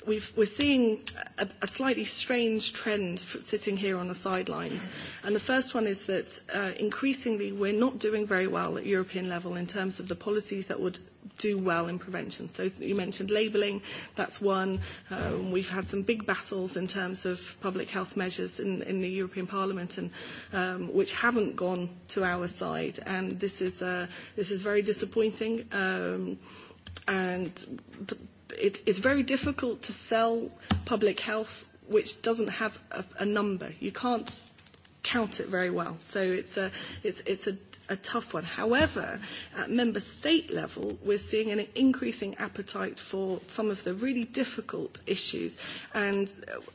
we've, we're seeing a, a slightly strange trend sitting here on the sidelines. And the first one is that uh, increasingly we're not doing very well at European level in terms of the policies that would do well in prevention. So you mentioned labelling, that's one. Um, we've had some big battles in terms of public health measures in, in the European Parliament, and, um, which haven't gone to our side. And this is, uh, this is very disappointing. Um, and it, it's very difficult to sell public health which doesn't have a, a number. You can't count it very well. So it's a, it's, it's a, a tough one. However, at member state level, we're seeing an increasing appetite for some of the really difficult issues. And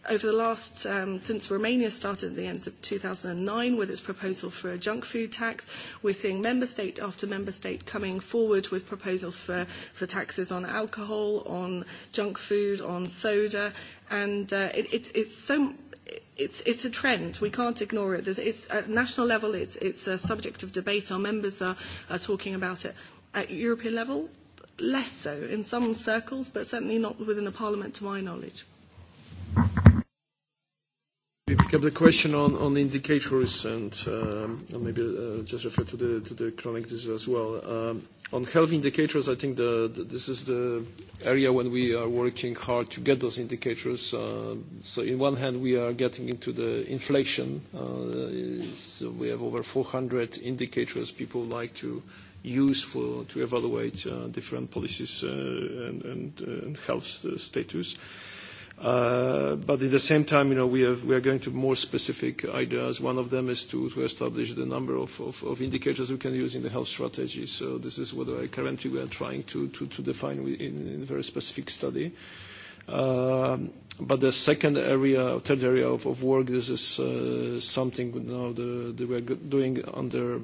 over the last, um, since Romania started at the end of 2009 with its proposal for a junk food tax, we're seeing member state after member state coming forward with proposals for, for taxes on alcohol, on junk food, on soda. And uh, it, it, it's so it's, it's a trend. We can't ignore it. There's, it's, at national level, it's, it's a subject of debate. Our members are, are talking about it. At European level, less so in some circles, but certainly not within the Parliament, to my knowledge. Kept the question on, the indicators and, um, maybe uh, just refer to the, chronic disease as well. Um, on health indicators, I think this is the area when we are working hard to get those indicators. Uh, so in one hand, we are getting into the inflation. Uh, so we have over 400 indicators people like to use for, to evaluate different policies and, health status. Uh, but at the same time, you know, we, have, we are going to more specific ideas. One of them is to, to establish the number of, of, of indicators we can use in the health strategy. So this is what I currently we are trying to, to, to define in, in a very specific study. Um, but the second area, third area of, of work, this is uh, something you now that the we are doing under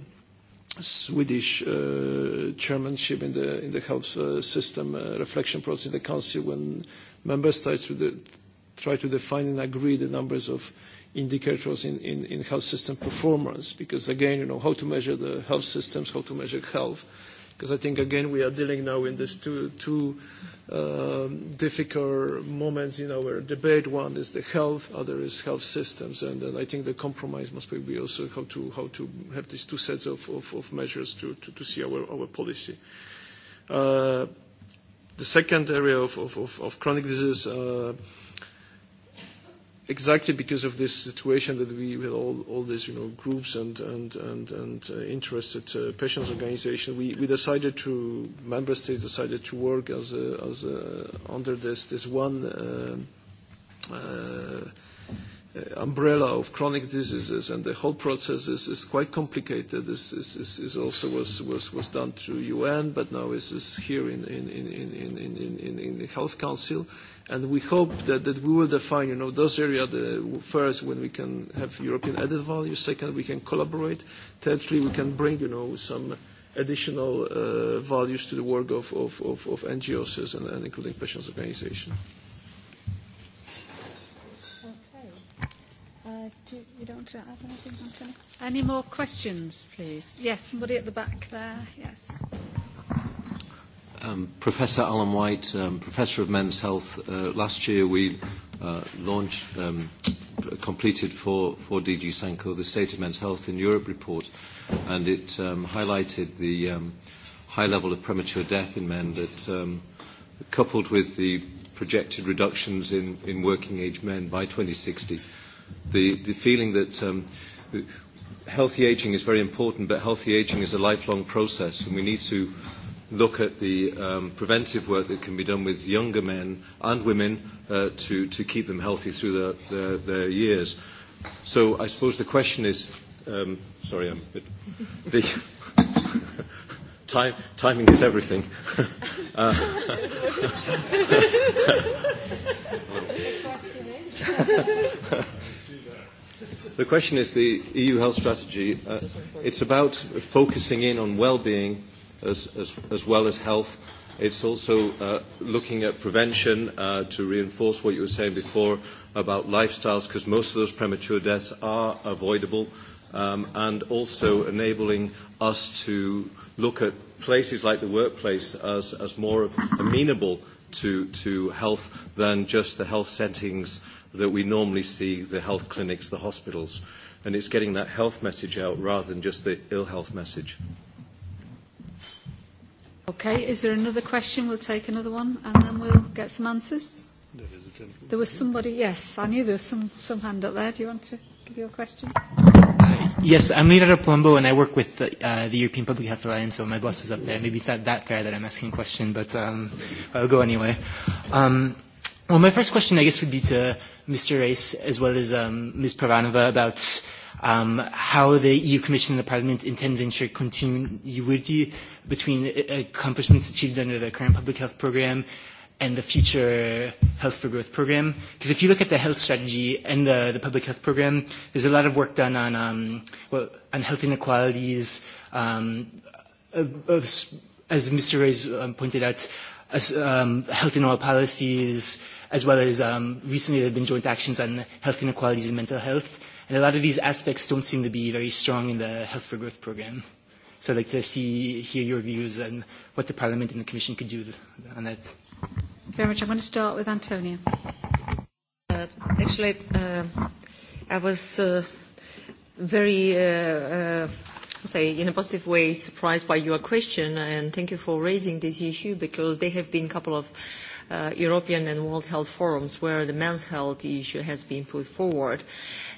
Swedish uh, chairmanship in the, in the health uh, system uh, reflection process in the council when member states to the, try to define and agree the numbers of indicators in, in, in health system performance, because again, you know, how to measure the health systems, how to measure health, because I think again we are dealing now in these two, two uh, difficult moments in our debate. One is the health, other is health systems, and, and I think the compromise must be also how to, how to have these two sets of, of, of measures to, to, to see our, our policy. Uh, the second area of, of, of, of chronic disease, uh, exactly because of this situation that we with all, all these you know, groups and, and, and, and uh, interested uh, patients organization, we, we decided to, member states decided to work as, a, as a, under this, this one uh, uh, Uh, umbrella of chronic diseases, and the whole process is, is quite complicated. This is, is, is also was, was, was done through UN, but now is, is here in, in, in, in, in, in, in the Health Council. And we hope that, that we will define, you know, those areas the first when we can have European added value, second we can collaborate, thirdly we can bring, you know, some additional uh, values to the work of, of, of, of NGOs and, and including patients' organizations. you, you don't have anything, Anthony? Any more questions, please? Yes, somebody at the back there. Yes. Um, Professor Alan White, um, Professor of Men's Health. Uh, last year we uh, launched, um, completed for, for DG Sanko the State of Men's Health in Europe report, and it um, highlighted the um, high level of premature death in men that, um, coupled with the projected reductions in, in working age men by 2060, the, the feeling that um, healthy aging is very important, but healthy aging is a lifelong process, and we need to look at the um, preventive work that can be done with younger men and women uh, to, to keep them healthy through their, their, their years. So I suppose the question is, um, sorry, I'm a bit, the time, timing is everything. uh, The question is the EU health strategy. Uh, it's about focusing in on well-being as, as, as well as health. It's also uh, looking at prevention uh, to reinforce what you were saying before about lifestyles, because most of those premature deaths are avoidable, um, and also enabling us to look at places like the workplace as, as more amenable to, to health than just the health settings that we normally see the health clinics, the hospitals. And it's getting that health message out rather than just the ill health message. Okay, is there another question? We'll take another one and then we'll get some answers. There, was somebody, yes, I knew there was some, some hand up there. Do you want to give your question? Uh, yes, I'm Leonardo Palumbo, and I work with the, uh, the European Public Health Alliance, so my boss is up there. Maybe it's not that fair that I'm asking a question, but um, I'll go anyway. Um, Well, my first question, I guess, would be to Mr. Race as well as um, Ms. Paranova about um, how the EU Commission and the Parliament intend to ensure continuity between accomplishments achieved under the current public health program and the future Health for Growth program. Because if you look at the health strategy and the, the public health program, there's a lot of work done on, um, well, on health inequalities. Um, as Mr. Reyes um, pointed out, as, um, health and oil policies, as well as um, recently there have been joint actions on health inequalities and mental health. And a lot of these aspects don't seem to be very strong in the Health for Growth program. So I'd like to see, hear your views on what the Parliament and the Commission could do on that. Thank you very much. I'm going to start with Antonia. Uh, actually, uh, I was uh, very, uh, uh, say, in a positive way, surprised by your question, and thank you for raising this issue because there have been a couple of uh, uh, European and World Health Forums where the men's health issue has been put forward.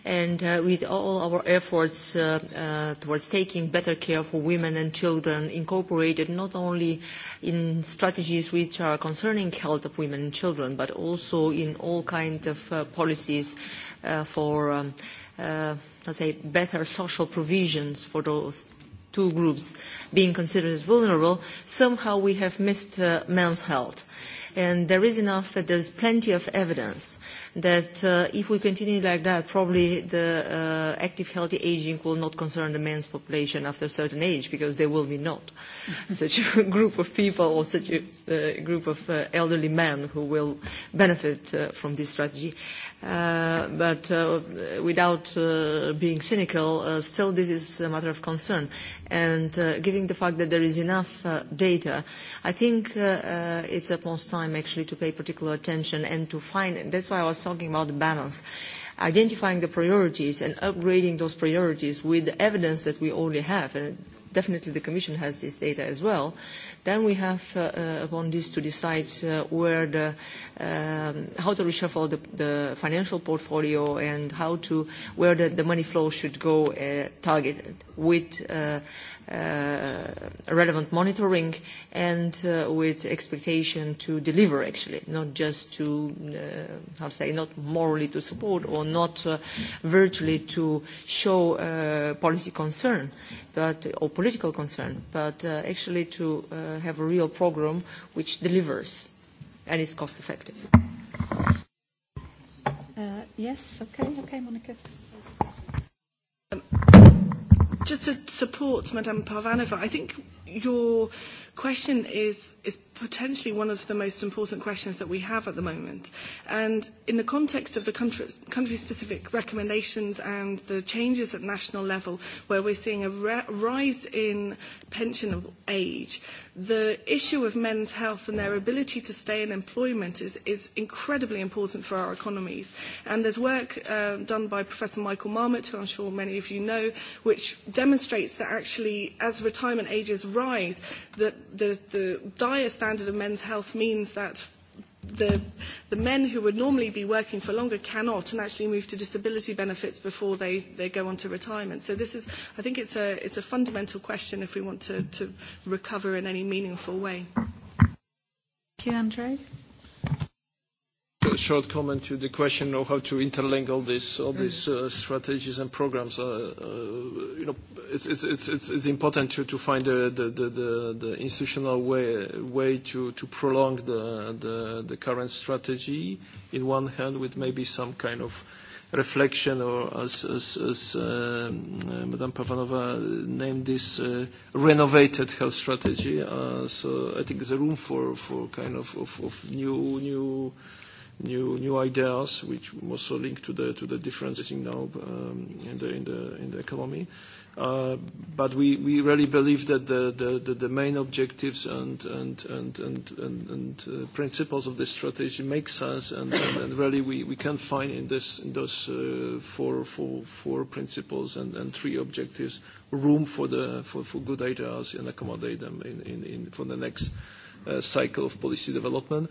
And uh, with all our efforts uh, uh, towards taking better care for women and children incorporated not only in strategies which are concerning health of women and children, but also in all kinds of uh, policies uh, for, um, uh, let's say, better social provisions for those two groups being considered as vulnerable, somehow we have missed uh, men's health. And there is enough, uh, there is plenty of evidence that uh, if we continue like that, probably the uh, active healthy aging will not concern the men's population after a certain age because there will be not such a group of people or such a uh, group of uh, elderly men who will benefit uh, from this strategy. Uh, but uh, without uh, being cynical, uh, still this is a matter of concern. And uh, given the fact that there is enough data, I think it's utmost time actually to pay particular attention and to find, that's why I was talking about the balance, identifying the priorities and upgrading those priorities with the evidence that we already have. And definitely the Commission has this data as well, then we have uh, uh, upon this to decide uh, where the, um, how to reshuffle the, the financial portfolio and how to, where the, the money flow should go uh, targeted with uh, Uh, relevant monitoring and uh, with expectation to deliver actually, not just to, uh, how to say, not morally to support or not uh, virtually to show uh, policy concern but, or political concern, but uh, actually to uh, have a real program which delivers and is cost effective. Uh, yes, okay, okay, Monica. Um, just to support Madame Parvanova, I think your question is, is potentially one of the most important questions that we have at the moment. And in the context of the country-specific country recommendations and the changes at national level, where we're seeing a rise in pension age, the issue of men's health and their ability to stay in employment is, is incredibly important for our economies. And there's work uh, done by Professor Michael Marmot, who I'm sure many of you know, which demonstrates that actually as retirement ages rise, the, the, the dire standard of men's health means that the, the men who would normally be working for longer cannot and actually move to disability benefits before they, they go on to retirement. So this is, I think it's a, it's a fundamental question if we want to, to recover in any meaningful way. Thank you, Andre a short comment to the question of how to interlink all these mm-hmm. all these uh, strategies and programs. Uh, uh, you know, it's it's it's it's important to to find the the the, the institutional way way to to prolong the, the the current strategy in one hand with maybe some kind of reflection or as, as, as uh, uh Madame Pavanova named this uh, renovated health strategy. Uh, so I think there's a room for, for kind of, of, of new, new new ideas, which also link to the differences in um, now in the economy. Uh, but we, really believe that the, main objectives and, uh, principles of this strategy make sense, and, really we, can find in, this, in those uh, four, principles and, three objectives room for, good ideas and accommodate them in, for the next cycle of policy development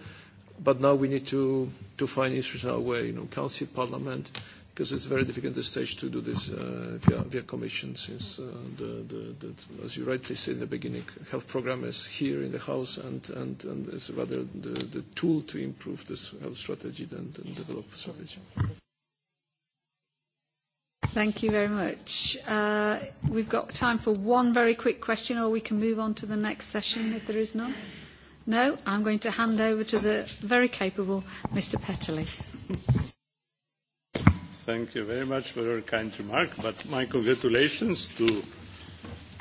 but now we need to, to find institutional way, you know, council, parliament, because it's very difficult at this stage to do this uh, via, via commission, since uh, the, the, the, as you rightly said in the beginning, health program is here in the house, and, and, and it's rather the, the tool to improve this health strategy than, than develop strategy. Thank you very much. Uh, we've got time for one very quick question, or we can move on to the next session if there is none. No, I'm going to hand over to the very capable Mr. Petterly. Thank you very much for your kind remark, but my congratulations to,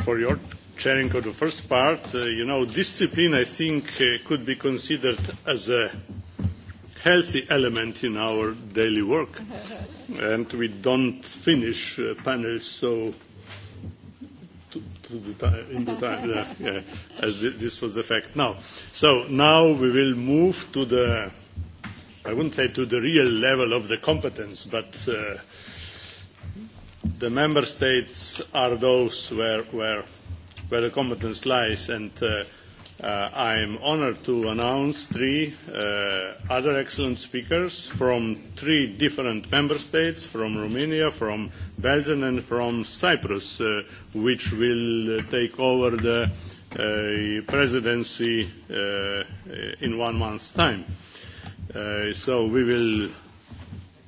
for your chairing of the first part. Uh, you know, discipline, I think, uh, could be considered as a healthy element in our daily work. and we don't finish uh, panels so in the time. Yeah, yeah, as this was the fact. Now, so now we will move to the, I wouldn't say to the real level of the competence, but uh, the member states are those where where where the competence lies, and. Uh, Uh, I am honored to announce three uh, other excellent speakers from three different member states, from Romania, from Belgium, and from Cyprus, uh, which will take over the uh, presidency uh, in one month's time. Uh, so we will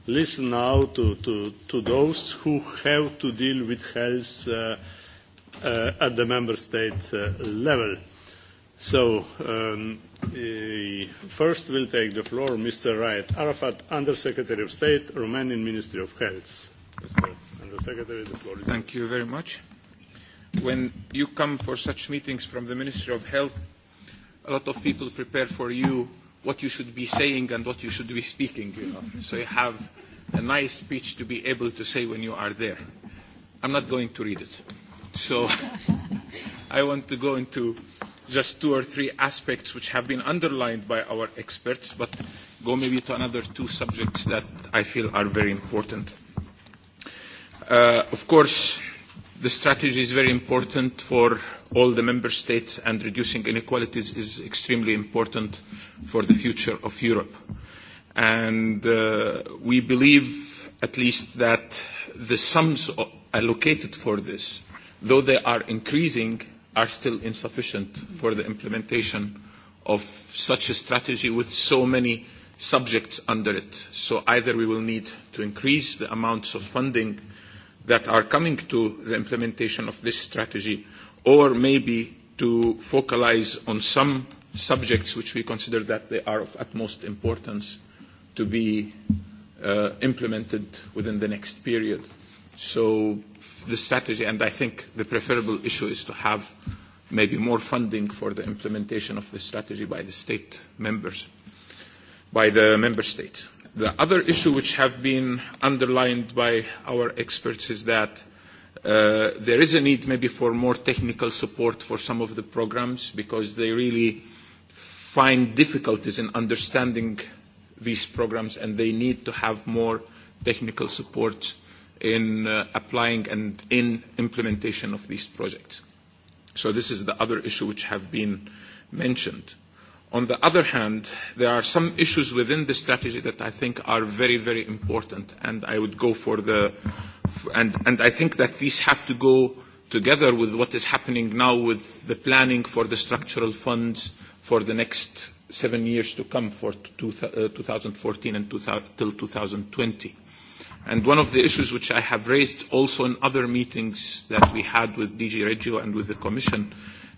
listen now to, to, to, those who have to deal with health at the member state level. So, um, uh, first will take the floor Mr. Raed Arafat, Undersecretary of State, Romanian Ministry of Health. Mr. Undersecretary, the floor is Thank you very much. When you come for such meetings from the Ministry of Health, a lot of people prepare for you what you should be saying and what you should be speaking, you know. So you have a nice speech to be able to say when you are there. I'm not going to read it. So I want to go into just two or three aspects which have been underlined by our experts, but go maybe to another two subjects that I feel are very important. Uh, of course, the strategy is very important for all the member states and reducing inequalities is extremely important for the future of Europe. And uh, we believe at least that the sums allocated for this, though they are increasing, are still insufficient for the implementation of such a strategy with so many subjects under it. So either we will need to increase the amounts of funding that are coming to the implementation of this strategy, or maybe to focalize on some subjects which we consider that they are of utmost importance to be uh, implemented within the next period. So the strategy, and I think the preferable issue is to have maybe more funding for the implementation of the strategy by the state members, by the member states. The other issue which have been underlined by our experts is that uh, there is a need maybe for more technical support for some of the programs because they really find difficulties in understanding these programs and they need to have more technical support in uh, applying and in implementation of these projects. So this is the other issue which have been mentioned. On the other hand, there are some issues within the strategy that I think are very, very important, and I would go for the, and, and I think that these have to go together with what is happening now with the planning for the structural funds for the next seven years to come for two, uh, 2014 and two, till 2020 And one of the issues which I have raised also in other meetings that we had with DG Regio and with the Commission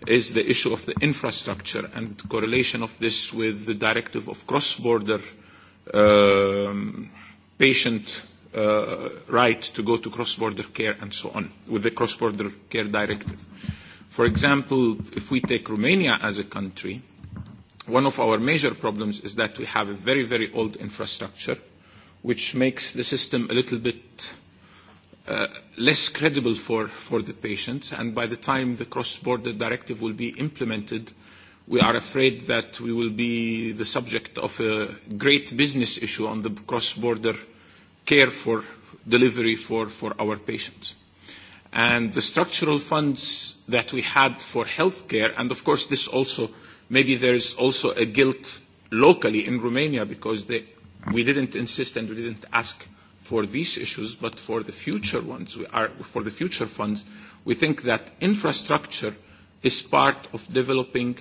is the issue of the infrastructure and correlation of this with the directive of cross-border um, patient uh, right to go to cross-border care and so on, with the cross-border care directive. For example, if we take Romania as a country, one of our major problems is that we have a very, very old infrastructure – which makes the system a little bit uh, less credible for, for the patients. And by the time the cross-border directive will be implemented, we are afraid that we will be the subject of a great business issue on the cross-border care for delivery for, for our patients. And the structural funds that we had for healthcare, and of course this also, maybe there is also a guilt locally in Romania because they we didn't insist and we didn't ask for these issues, but for the future ones, we are, for the future funds, we think that infrastructure is part of developing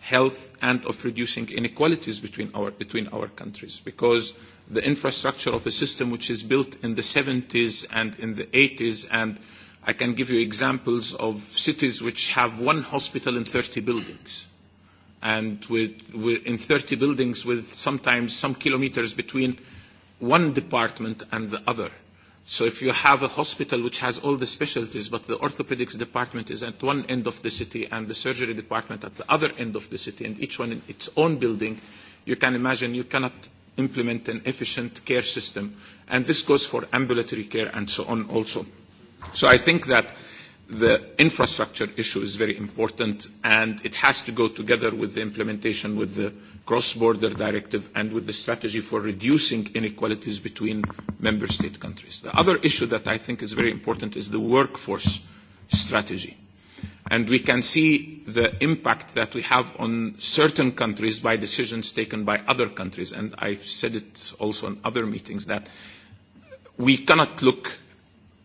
health and of reducing inequalities between our, between our countries, because the infrastructure of a system which is built in the 70s and in the 80s, and I can give you examples of cities which have one hospital in 30 buildings and with, with, in 30 buildings with sometimes some kilometers between one department and the other. So if you have a hospital which has all the specialties, but the orthopedics department is at one end of the city and the surgery department at the other end of the city, and each one in its own building, you can imagine you cannot implement an efficient care system. And this goes for ambulatory care and so on also. So I think that the infrastructure issue is very important, and it has to go together with the implementation with the cross-border directive and with the strategy for reducing inequalities between member state countries. The other issue that I think is very important is the workforce strategy. And we can see the impact that we have on certain countries by decisions taken by other countries. And I've said it also in other meetings that we cannot look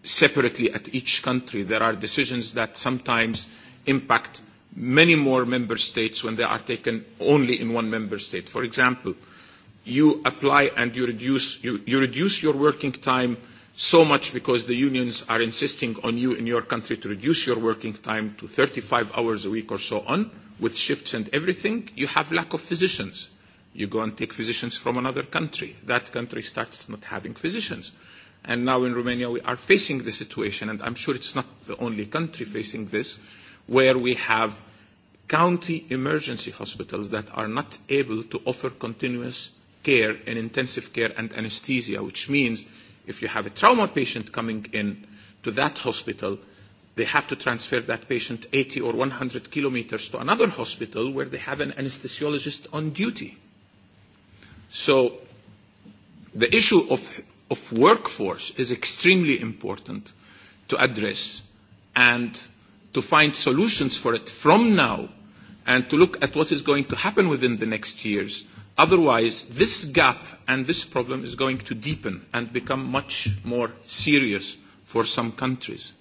separately at each country. There are decisions that sometimes impact many more member states when they are taken only in one member state. For example, you apply and you reduce, you, you reduce your working time so much because the unions are insisting on you in your country to reduce your working time to 35 hours a week or so on, with shifts and everything, you have lack of physicians. You go and take physicians from another country. That country starts not having physicians. And now in Romania, we are facing the situation, and I'm sure it's not the only country facing this, where we have county emergency hospitals that are not able to offer continuous care in intensive care and anesthesia, which means if you have a trauma patient coming in to that hospital, they have to transfer that patient 80 or 100 kilometers to another hospital where they have an anesthesiologist on duty. So the issue of of workforce is extremely important to address and to find solutions for it from now and to look at what is going to happen within the next years. Otherwise, this gap and this problem is going to deepen and become much more serious for some countries.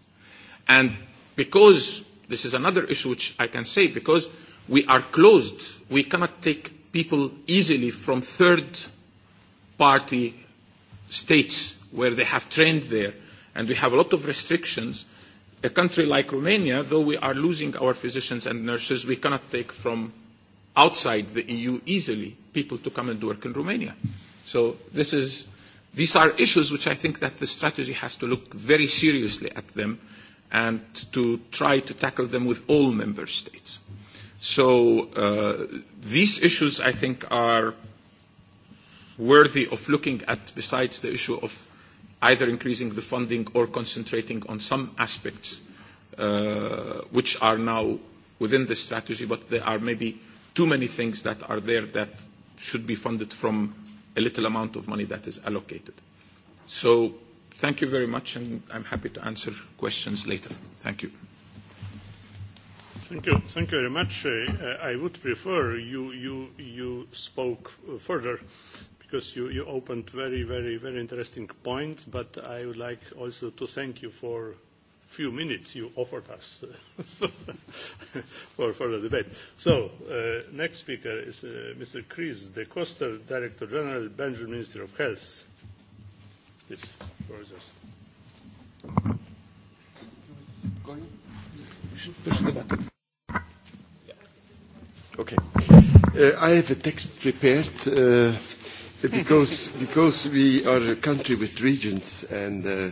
And because this is another issue which I can say, because we are closed, we cannot take people easily from third party states where they have trained there, and we have a lot of restrictions. A country like Romania, though we are losing our physicians and nurses, we cannot take from outside the EU easily people to come and work in Romania. So this is, these are issues which I think that the strategy has to look very seriously at them and to try to tackle them with all member states. So uh, these issues, I think, are worthy of looking at besides the issue of either increasing the funding or concentrating on some aspects uh, which are now within the strategy, but there are maybe too many things that are there that should be funded from a little amount of money that is allocated. So thank you very much, and I'm happy to answer questions later. Thank you. Thank you. Thank you very much. Uh, uh I would prefer you, you, you spoke further because you, you opened very, very, very interesting points, but I would like also to thank you for few minutes you offered us for, further the debate. So, uh, next speaker is uh, Mr. Chris De Costa, Director General, Belgian Ministry of Health. Please, is yours. Okay. Uh, I have a text prepared. Uh, because, because we are a country with regions and uh,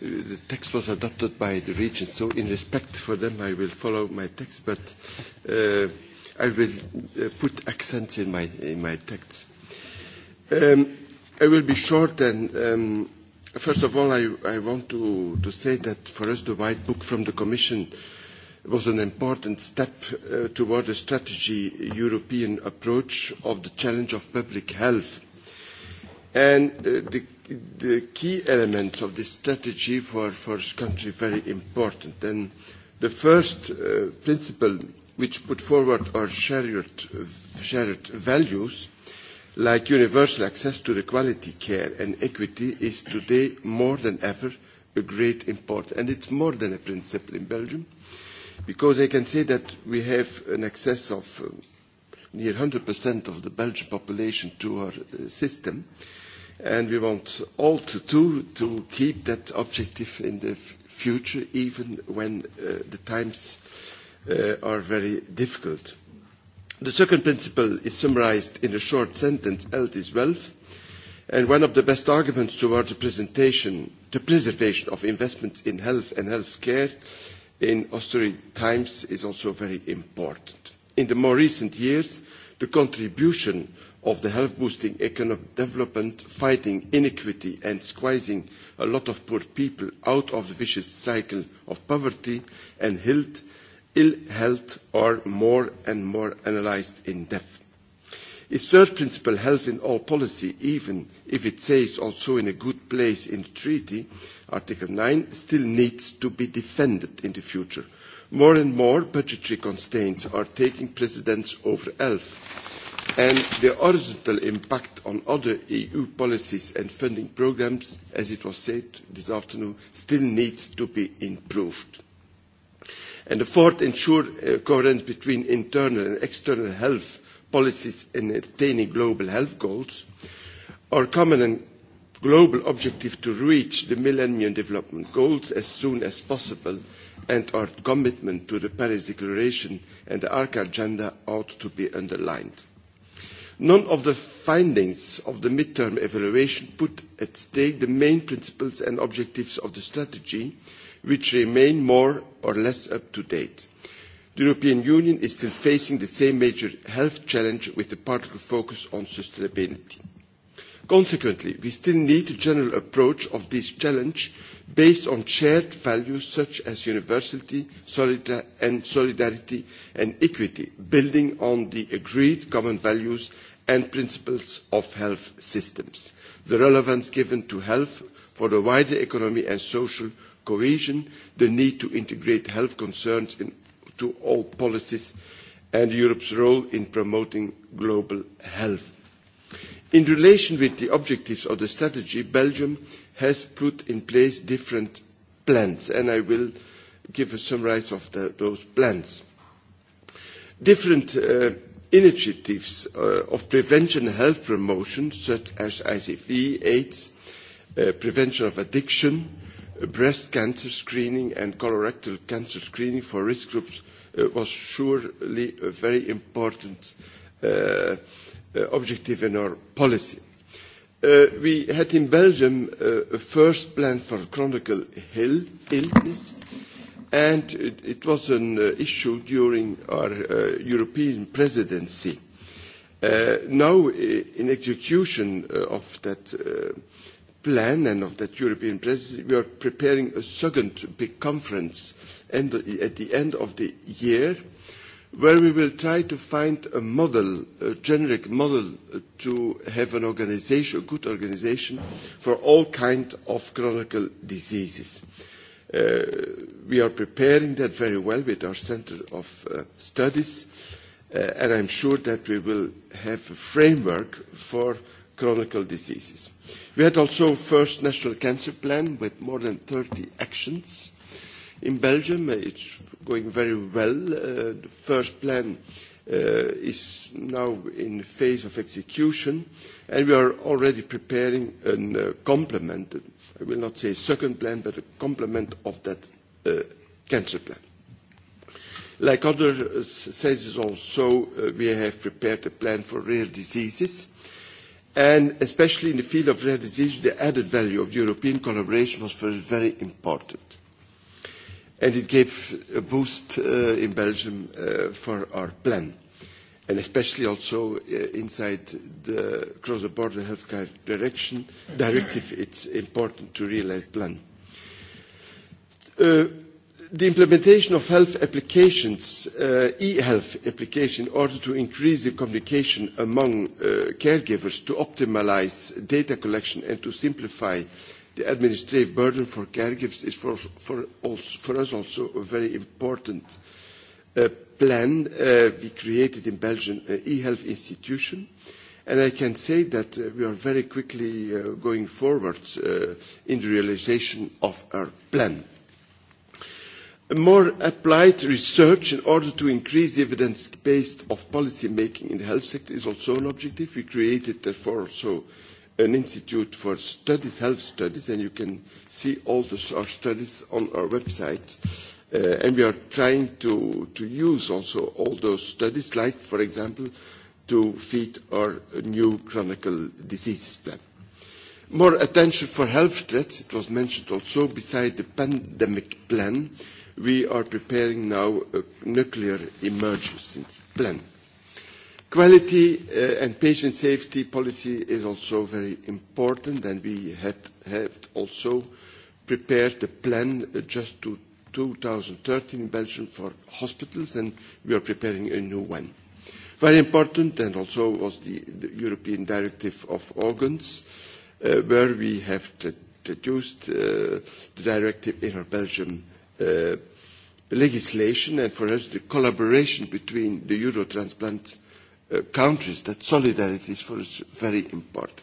the text was adopted by the regions, so in respect for them I will follow my text, but uh, I will uh, put accents in my, in my text. Um, I will be short and um, first of all I, I want to, to say that for us the White Book from the Commission was an important step uh, toward a strategy European approach of the challenge of public health And uh, the, the key elements of this strategy for, for country are very important. And the first uh, principle which put forward our shared, shared values, like universal access to the quality care and equity, is today more than ever a great importance. And it's more than a principle in Belgium, because I can say that we have an access of uh, near 100% of the Belgian population to our uh, system, uh, and we want all to do to keep that objective in the future, even when uh, the times uh, are very difficult. The second principle is summarized in a short sentence, health is wealth, and one of the best arguments towards the, presentation, the preservation of investments in health and healthcare in austere times is also very important. In the more recent years, the contribution of the health boosting economic development, fighting inequity and squeezing a lot of poor people out of the vicious cycle of poverty and health, ill health are more and more analysed in depth. Its third principle, health in all policy, even if it says also in a good place in the treaty, Article 9, still needs to be defended in the future. More and more budgetary constraints are taking precedence over health and the horizontal impact on other EU policies and funding programmes, as it was said this afternoon, still needs to be improved. And the fourth, ensure uh, eh, coherence between internal and external health policies in attaining global health goals. Our common and global objective to reach the Millennium Development Goals as soon as possible and our commitment to the Paris Declaration and the ARC agenda ought to be underlined. None of the findings of the midterm evaluation put at stake the main principles and objectives of the strategy, which remain more or less up to date. The European Union is still facing the same major health challenge with a particular focus on sustainability. Consequently, we still need a general approach of this challenge based on shared values such as universality solidar and solidarity and equity, building on the agreed common values and principles of health systems. The relevance given to health for the wider economy and social cohesion, the need to integrate health concerns into all policies, and Europe's role in promoting global health. In relation with the objectives of the strategy, Belgium has put in place different plans, and I will give a summary of the, those plans. Different uh, initiatives uh, of prevention and health promotion, such as ICV, AIDS, uh, prevention of addiction, breast cancer screening and colorectal cancer screening for risk groups uh, was surely a very important uh, uh objective in our policy. Uh, we had in Belgium uh, a first plan for chronic Ill illness, and it, it was an uh, issue during our uh, European presidency. Uh, now, uh, in execution of that plan and of that European presidency, we are preparing a second big conference at the end of the year where we will try to find a model, a generic model, uh, to have an organization, a good organization for all kinds of chronic diseases. Uh, we are preparing that very well with our Center of uh, Studies, uh, and I'm sure that we will have a framework for chronic diseases. We had also first national cancer plan with more than 30 actions In Belgium, uh, it's going very well. Uh, the first plan uh, is now in the phase of execution, and we are already preparing a uh, complement, I will not say second plan, but a complement of that uh, cancer plan. Like other uh, sciences also, uh, we have prepared a plan for rare diseases, and especially in the field of rare disease, the added value of European collaboration was very important and it gave a boost uh, in Belgium uh, for our plan, and especially also uh, inside the cross-border healthcare direction directive. It's important to realise plan. Uh, the implementation of health applications, uh, e-health application, in order to increase the communication among uh, caregivers, to optimize data collection and to simplify uh, The administrative burden for caregivers is for, for, also, for us also a very important uh, plan uh, we created in Belgium, an e-health institution. And I can say that uh, we are very quickly uh, going forward uh, in the realization of our plan. More applied research in order to increase the evidence base of policy making in the health sector is also an objective. We created therefore uh, also an institute for studies, health studies, and you can see all the, our studies on our website. Uh, and we are trying to, to use also all those studies, like, for example, to feed our new chronic diseases plan. More attention for health threats, it was mentioned also, beside the pandemic plan, we are preparing now a nuclear emergency plan. Quality uh, and patient safety policy is also very important, and we had, had also prepared a plan just to 2013 in Belgium for hospitals, and we are preparing a new one. Very important, and also was the, the European Directive of Organs, uh, where we have introduced uh, the directive in our Belgium uh, legislation, and for us the collaboration between the Eurotransplant Uh, countries, that solidarity is for us very important.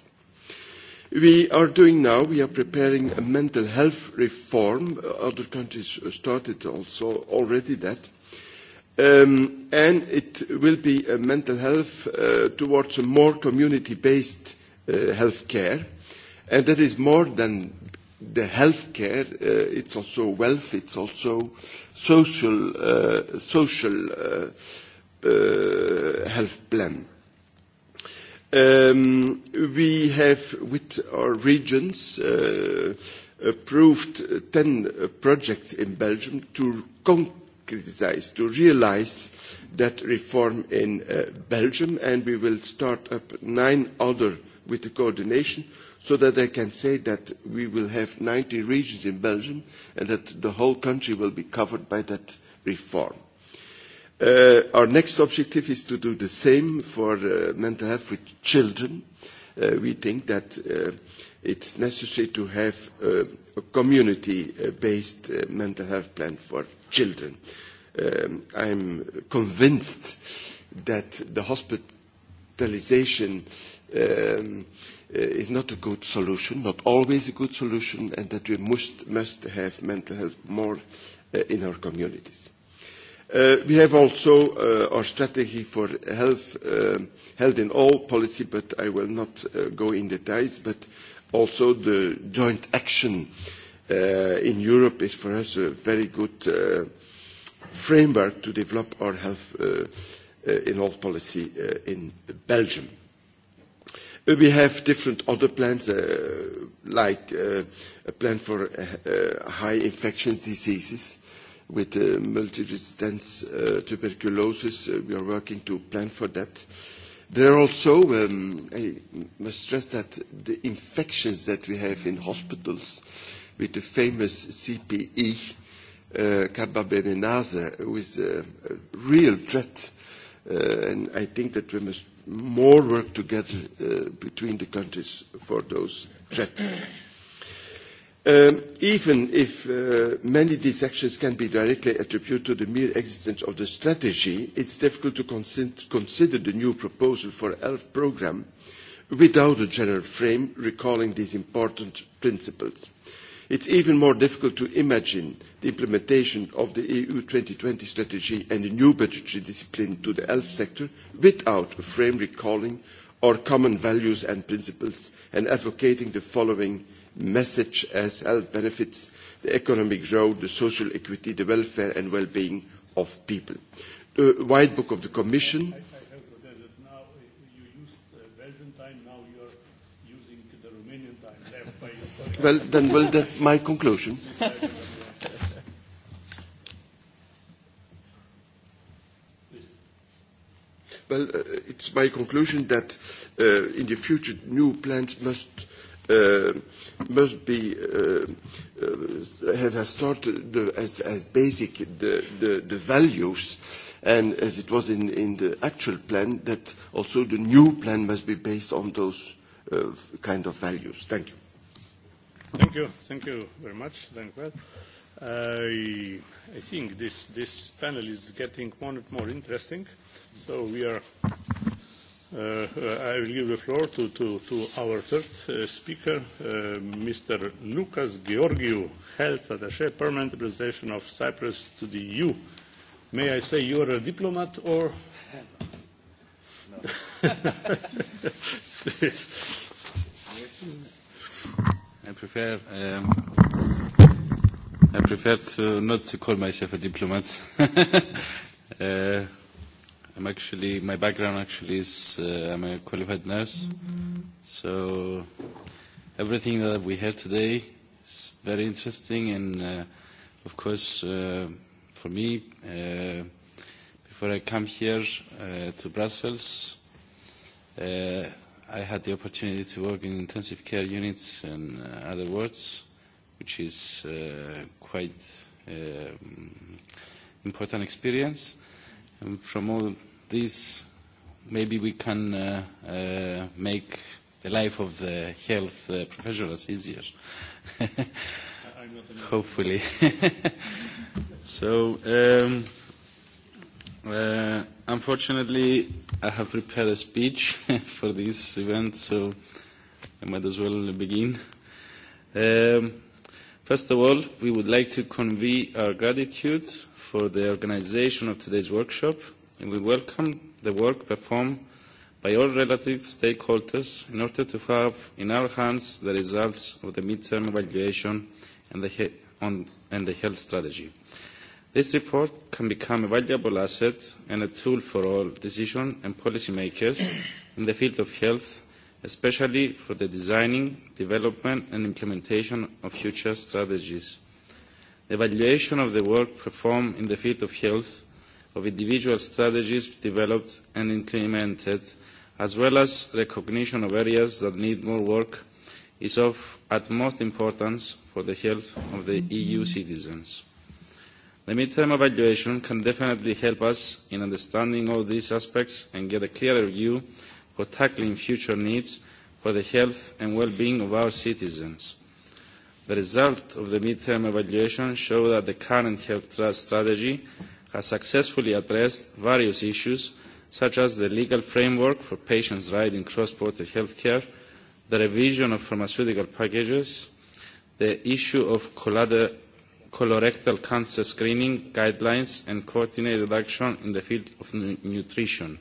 We are doing now, we are preparing a mental health reform. Other countries started also already that. Um, and it will be a mental health uh, towards a more community-based uh, health care. And that is more than the health care, uh, it's also wealth, it's also social, uh, social uh, uh, health plan. Um, we have, with our regions, uh, approved 10 projects in Belgium to concretize, to realize that reform in uh, Belgium, and we will start up nine other with the coordination so that I can say that we will have 90 regions in Belgium and that the whole country will be covered by that reform. Uh, our next objective is to do the same for uh, mental health with children. Uh, we think that uh, it's necessary to have uh, a community-based uh, uh, mental health plan for children. Um, I'm convinced that the hospitalization um, uh, is not a good solution, not always a good solution, and that we must, must have mental health more uh, in our communities. Uh, we have also uh, our strategy for health, uh, health in all policy, but I will not uh, go in details, but also the joint action uh, in Europe is for us a very good uh, framework to develop our health uh, uh, in all policy uh, in Belgium. Uh, we have different other plans, uh, like uh, a plan for uh, uh, high infectious diseases, with uh, multi resistant uh, tuberculosis. Uh, we are working to plan for that. There are also, um, I must stress that the infections that we have in hospitals with the famous CPE, uh, carbapenemase, is a, a real threat. Uh, and I think that we must more work together uh, between the countries for those threats. Um, even if uh, many of these actions can be directly attributed to the mere existence of the strategy, it's difficult to consider the new proposal for ELF programme without a general frame recalling these important principles. It's even more difficult to imagine the implementation of the EU 2020 strategy and the new budgetary discipline to the ELF sector without a frame recalling our common values and principles and advocating the following message as health benefits the economic growth, the social equity, the welfare and well-being of people. The White Book of the Commission... I, I now uh, you used uh, Belgian time, now you are using the Romanian time left by your Well, then, well, that my conclusion. well, uh, it's my conclusion that uh, in the future new plans must uh, must be uh, uh, have started the, as, as basic the, the, the values and as it was in, in the actual plan that also the new plan must be based on those uh, kind of values. Thank you. Thank you. Thank you very much. Thank you. I, I think this, this panel is getting more and more interesting. So we are Uh, I will give the floor to, to, to our third uh, speaker, uh, Mr. Lucas Georgiou, Health Attaché, Permanent Representation of Cyprus to the EU. May I say you are a diplomat or? I prefer, um, I prefer to not to call myself a diplomat. uh, I'm actually, my background actually is uh, I'm a qualified nurse. Mm-hmm. So everything that we had today is very interesting and uh, of course uh, for me, uh, before I come here uh, to Brussels, uh, I had the opportunity to work in intensive care units and uh, other wards, which is uh, quite uh, important experience. Uh, From all this, maybe we can uh, uh, make the life of the health uh, professionals easier. Hopefully. so, um, uh, unfortunately, I have prepared a speech for this event, so I might as well begin. Um, first of all, we would like to convey our gratitude for the organisation of today's workshop, and we welcome the work performed by all relative stakeholders in order to have in our hands the results of the midterm evaluation and the, on, and the health strategy. This report can become a valuable asset and a tool for all decision and policy makers in the field of health, especially for the designing, development and implementation of future strategies evaluation of the work performed in the field of health, of individual strategies developed and implemented, as well as recognition of areas that need more work, is of utmost importance for the health of the EU citizens. The midterm evaluation can definitely help us in understanding all these aspects and get a clearer view for tackling future needs for the health and well-being of our citizens. The result of the midterm evaluation show that the current health trust strategy has successfully addressed various issues such as the legal framework for patients' right in cross-border healthcare, the revision of pharmaceutical packages, the issue of colorectal cancer screening guidelines and coordinated action in the field of nutrition.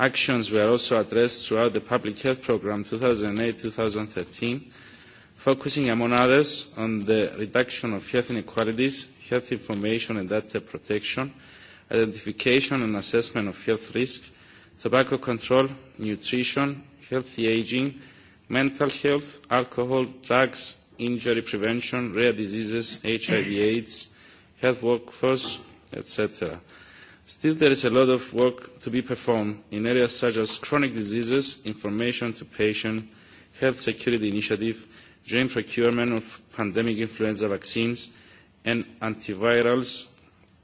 Actions were also addressed throughout the Public Health Programme 2008-2013 focusing, among others, on the reduction of health inequalities, health information and data protection, identification and assessment of health risk, tobacco control, nutrition, healthy aging, mental health, alcohol, drugs, injury prevention, rare diseases, HIV AIDS, health workforce, etc. Still, there is a lot of work to be performed in areas such as chronic diseases, information to patient, health security initiative, joint procurement of pandemic influenza vaccines and antivirals,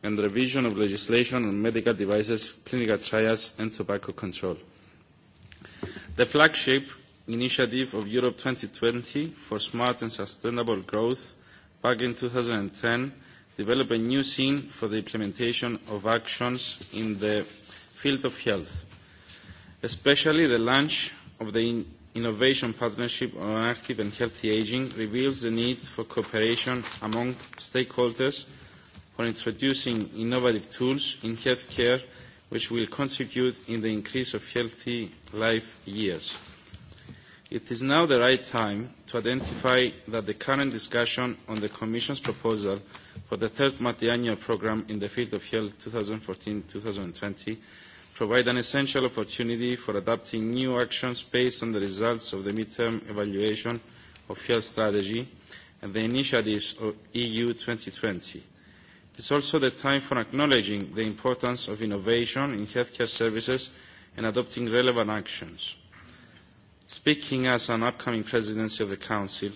and revision of legislation on medical devices, clinical trials, and tobacco control. The flagship initiative of Europe 2020 for smart and sustainable growth back in 2010 developed a new scene for the implementation of actions in the field of health, especially the launch of the Innovation Partnership on Active and Healthy Aging reveals the need for cooperation among stakeholders for introducing innovative tools in healthcare which will contribute in the increase of healthy life years. It is now the right time to identify that the current discussion on the Commission's proposal for the third multi-annual programme in the field of health 2014-2020 provide an essential opportunity for adapting new actions based on the results of the midterm evaluation of health strategy and the initiatives of EU 2020. It is also the time for acknowledging the importance of innovation in healthcare services and adopting relevant actions. Speaking as an upcoming presidency of the Council,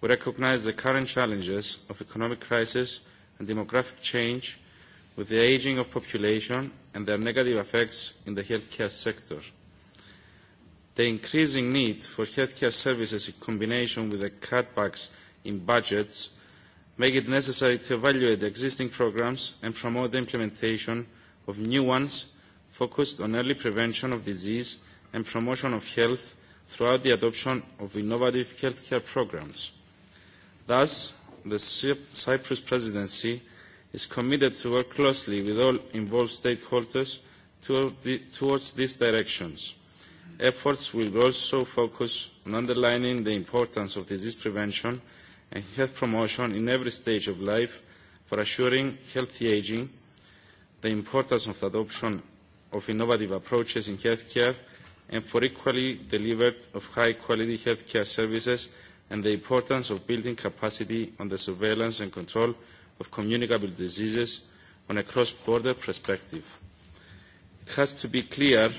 we recognise the current challenges of economic crisis and demographic change with the ageing of population and their negative effects in the healthcare sector. The increasing need for healthcare services in combination with the cutbacks in budgets make it necessary to evaluate the existing programmes and promote the implementation of new ones focused on early prevention of disease and promotion of health throughout the adoption of innovative healthcare programmes. Thus, the Cyprus presidency is committed to work closely with all involved stakeholders towards these directions. Efforts will also focus on underlining the importance of disease prevention and health promotion in every stage of life for assuring healthy ageing, the importance of the adoption of innovative approaches in healthcare, and for equally delivered of high-quality healthcare services and the importance of building capacity on the surveillance and control of communicable diseases on a cross-border perspective. It has to be clear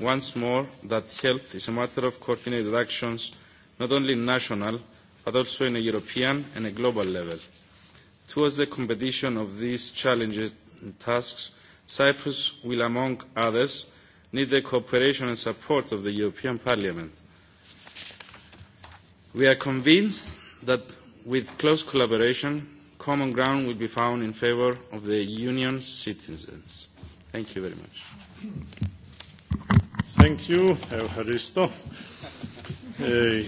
once more that health is a matter of coordinated actions, not only national, but also in a European and a global level. Towards the competition of these challenges and tasks, Cyprus will, among others, need the cooperation and support of the European Parliament. We are convinced that with close collaboration, common ground will be found in favour of the Union's citizens. Thank you very much. Thank you, Eucharisto. Hey.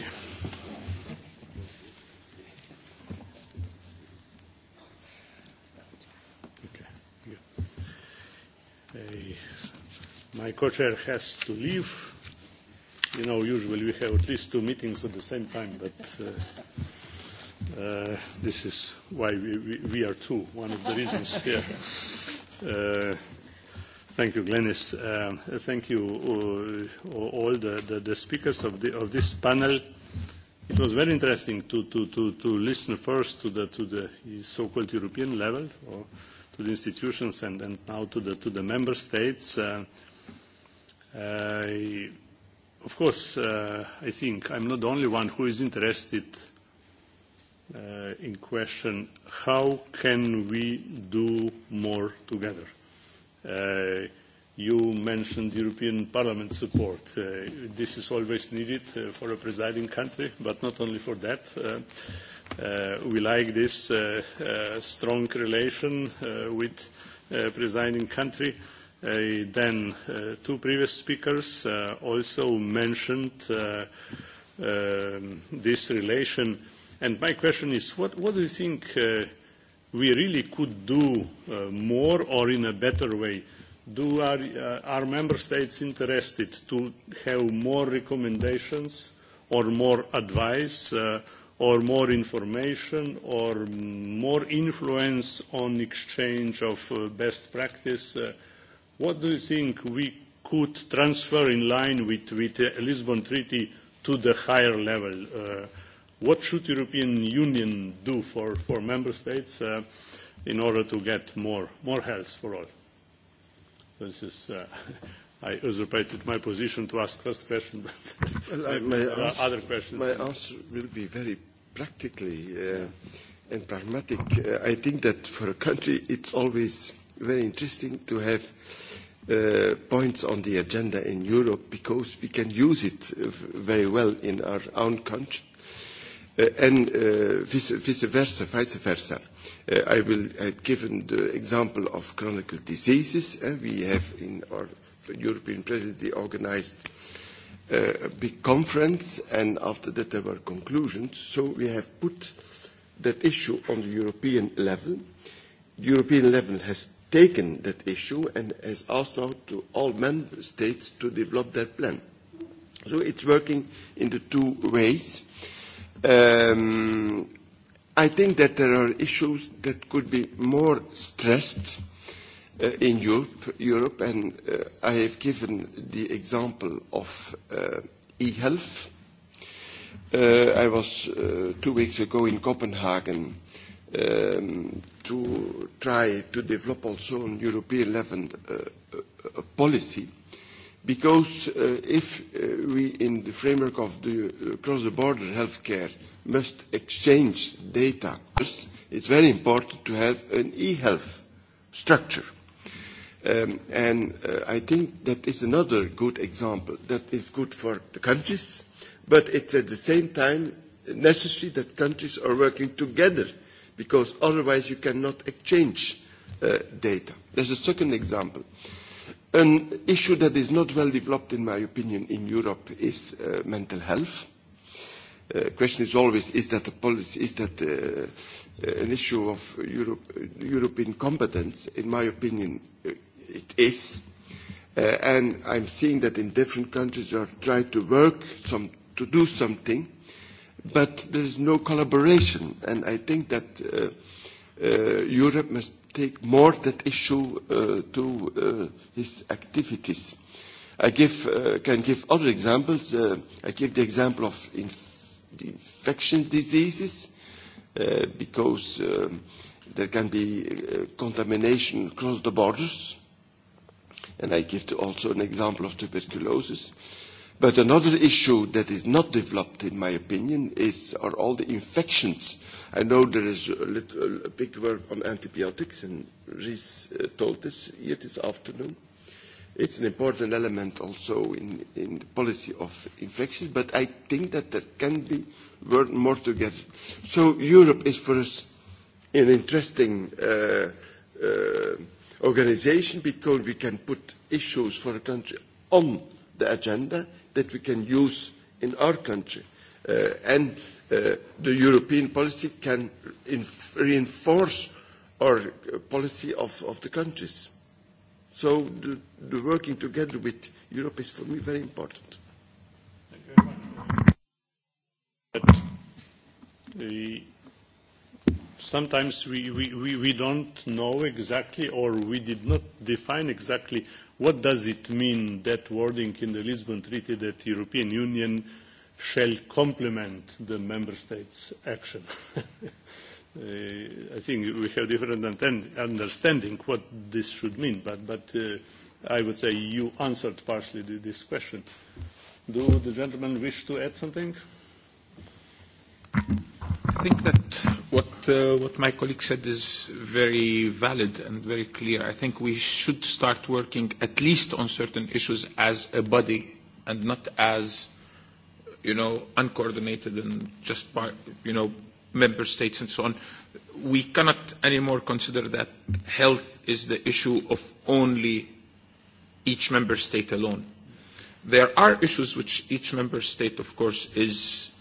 Eh, eh, my co-chair has to leave. You know, usually we have at least two meetings at the same time, but uh, Uh, this is why we, we, we are two, one of the reasons here. Uh, thank you, Glenis. Um, uh, thank you, uh, all the, the, the speakers of, the, of this panel. It was very interesting to, to, to, to listen first to the, to the so-called European level, or to the institutions, and, and now to the, to the member states. Uh, I, of course, uh, I think I'm not the only one who is interested – uh, in question, how can we do more together? Uh, you mentioned European Parliament support. Uh, this is always needed uh, for a presiding country, but not only for that. Uh, uh, we like this uh, uh, strong relation uh, with uh, presiding country. Uh, then uh, two previous speakers uh, also mentioned uh, uh, this relation And my question is, what, what do you think uh, we really could do uh, more or in a better way? Do our, uh, our member states interested to have more recommendations or more advice uh, or more information or more influence on exchange of uh, best practice? Uh, what do you think we could transfer in line with, with the Lisbon Treaty to the higher level? Uh, what should European Union do for, for member states uh, in order to get more, more health for all? This is, uh, I usurpated my position to ask first question, but well, my answer, other questions. My answer will be very practically uh, and pragmatic. Uh, I think that for a country it's always very interesting to have Uh, points on the agenda in Europe because we can use it uh, very well in our own country uh, and uh, vice versa. Vice versa. Uh, I will have uh, given the uh, example of chronic diseases. Uh, we have in our European presidency organized uh, a big conference, and after that there were conclusions. So we have put that issue on the European level. The European level has taken that issue and has asked out to all member states to develop their plan. So it's working in the two ways. Uh, Um, I think that there are issues that could be more stressed uh, in Europe, Europe and uh, I have given the example of uh, e-health. Uh, I was uh, two weeks ago in Copenhagen um, to try to develop also on European level uh, a policy uh, because uh, if uh, we, in the framework of the uh, cross-the-border healthcare, must exchange data, it's very important to have an e-health structure. Um, and uh, I think that is another good example that is good for the countries, but it's at the same time necessary that countries are working together because otherwise you cannot exchange uh, data. There's a second example. Uh, An issue that is not well developed, in my opinion, in Europe is uh, mental health. The uh, question is always, is that, a policy, is that uh, uh an issue of Europe, European competence? In my opinion, uh, it is. Uh, and I'm seeing that in different countries they are trying to work, some, to do something, but there is no collaboration. And I think that uh, Europe must take more that issue uh, to uh, his activities. I give, uh, can give other examples. Uh, I give the example of inf the infection diseases uh, because um, there can be uh, contamination across the borders. And I give also an example of tuberculosis. Uh, But another issue that is not developed, in my opinion, is are all the infections. I know there is a, little, a big work on antibiotics, and Rhys uh, told us here this afternoon. It's an important element also in, in the policy of infections, but I think that there can be work more together. So Europe is for us an interesting uh, uh, organization because we can put issues for a country on the agenda that we can use in our country. Uh, and uh, the European policy can reinforce our policy of, of the countries. So the, the working together with Europe is for me very important. Thank you very much. But the, sometimes we, we, we don't know exactly or we did not define exactly what does it mean, that wording in the Lisbon Treaty, that the European Union shall complement the member states' action? Uh, I think we have different understanding what this should mean, but, but uh, I would say you answered partially this question. Do the gentlemen wish to add something? I think that what, uh, what my colleague said is very valid and very clear. I think we should start working at least on certain issues as a body and not as, you know, uncoordinated and just by, you know, member states and so on. We cannot anymore consider that health is the issue of only each member state alone. There are issues which each member state, of course, is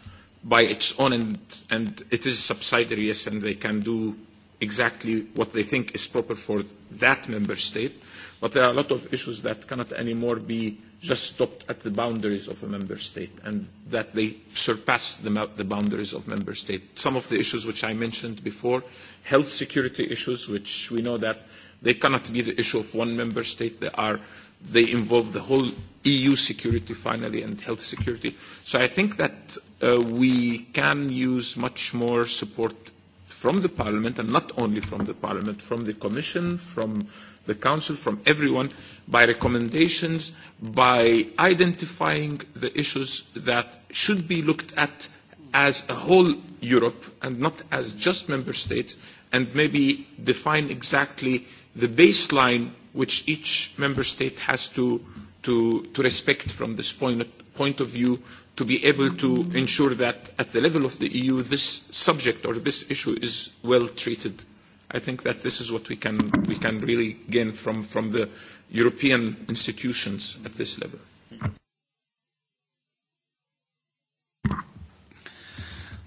by its own and, and it is subsidiary, and they can do exactly what they think is proper for that member state. But there are a lot of issues that cannot anymore be just stopped at the boundaries of a member state and that they surpass the, the boundaries of member state. Some of the issues which I mentioned before, health security issues, which we know that they cannot be the issue of one member state. They are they involve the whole EU security finally and health security. So I think that uh, we can use much more support from the Parliament and not only from the Parliament, from the Commission, from the Council, from everyone, by recommendations, by identifying the issues that should be looked at as a whole Europe and not as just member states, and maybe define exactly the baseline which each member state has to, to, to respect from this point, point of view to be able to ensure that at the level of the EU this subject or this issue is well treated. I think that this is what we can, we can really gain from, from the European institutions at this level.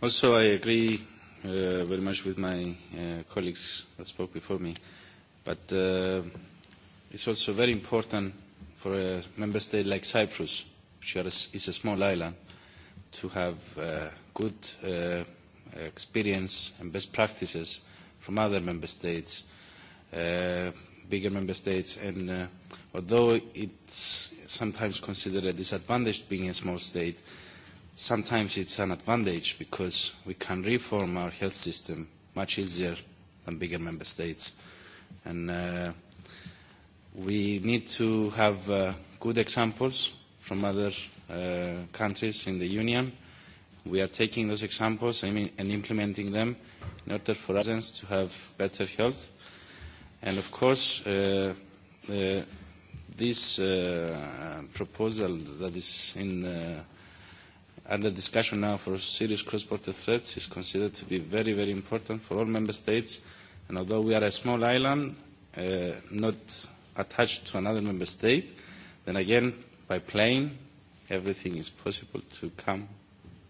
Also, I agree uh, very much with my uh, colleagues that spoke before me. But uh, It's also very important for a member state like Cyprus, which is a small island, to have uh, good uh, experience and best practices from other member states, uh, bigger member states. And uh, although it's sometimes considered a disadvantage being a small state, sometimes it's an advantage because we can reform our health system much easier than bigger member states. And uh, we need to have uh, good examples from other uh, countries in the Union. We are taking those examples and, and implementing them in order for us to have better health. And of course, uh, uh, this uh, proposal that is in, uh, under discussion now for serious cross-border threats is considered to be very, very important for all member states. And although we are a small island, uh, not attached to another member state, then again, by plane, everything is possible to come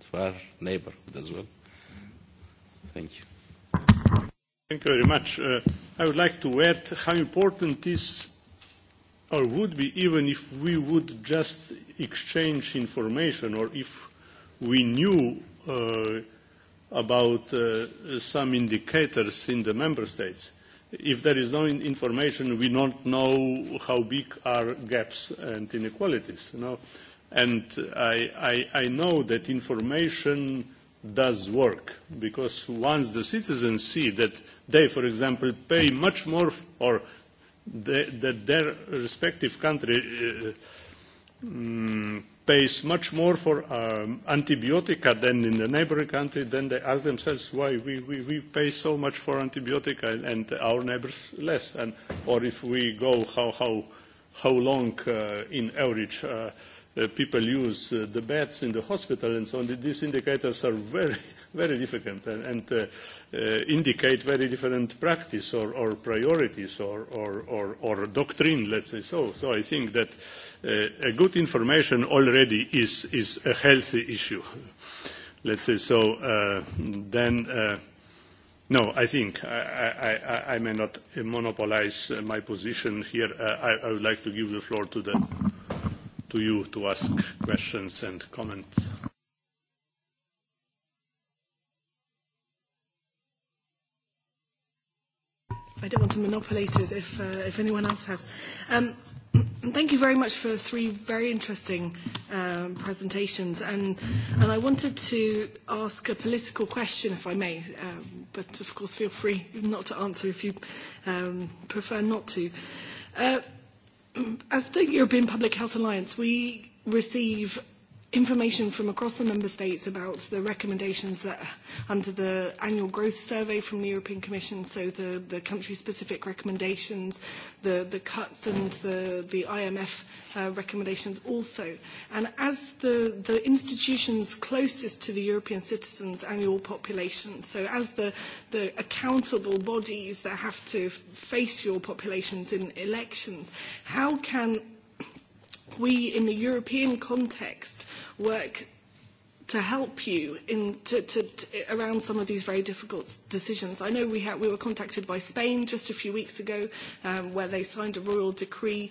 to our neighborhood as well. Thank you. Thank you very much. Uh, I would like to add how important is or would be even if we would just exchange information or if we knew uh, about uh, some indicators in the member states if there is no information, we don't know how big are gaps and inequalities. You know? And I, I, I know that information does work, because once the citizens see that they, for example, pay much more, or the, that their respective country uh, um, pays much more for um, antibiotica than in the neighboring country, then they ask themselves why we, we, we pay so much for antibiotica and, and our neighbors less, and, or if we go how, how, how long uh, in average uh, Uh, people use uh, the beds in the hospital and so on, these indicators are very, very different and, and uh, uh, indicate very different practice or, or priorities or, or, or, or doctrine, let's say so. So I think that uh, a good information already is, is a healthy issue, let's say so. Uh, then uh, No, I think I, I, I may not monopolize uh, my position here. Uh, I, I would like to give the floor to the to you to ask questions and comment. I don't want to monopolise it if, uh, if anyone else has. Um, thank you very much for three very interesting um, presentations. And, and I wanted to ask a political question, if I may, um, but of course feel free not to answer if you um, prefer not to. Uh, as the European Public Health Alliance, we receive information from across the member states about the recommendations that under the annual growth survey from the European Commission, so the, the country-specific recommendations, the, the cuts and the, the IMF uh, recommendations also. And as the, the institutions closest to the European citizens' annual population, so as the, the accountable bodies that have to face your populations in elections, how can we in the European context work to help you in to, to, to, around some of these very difficult decisions. I know we, ha- we were contacted by Spain just a few weeks ago, um, where they signed a royal decree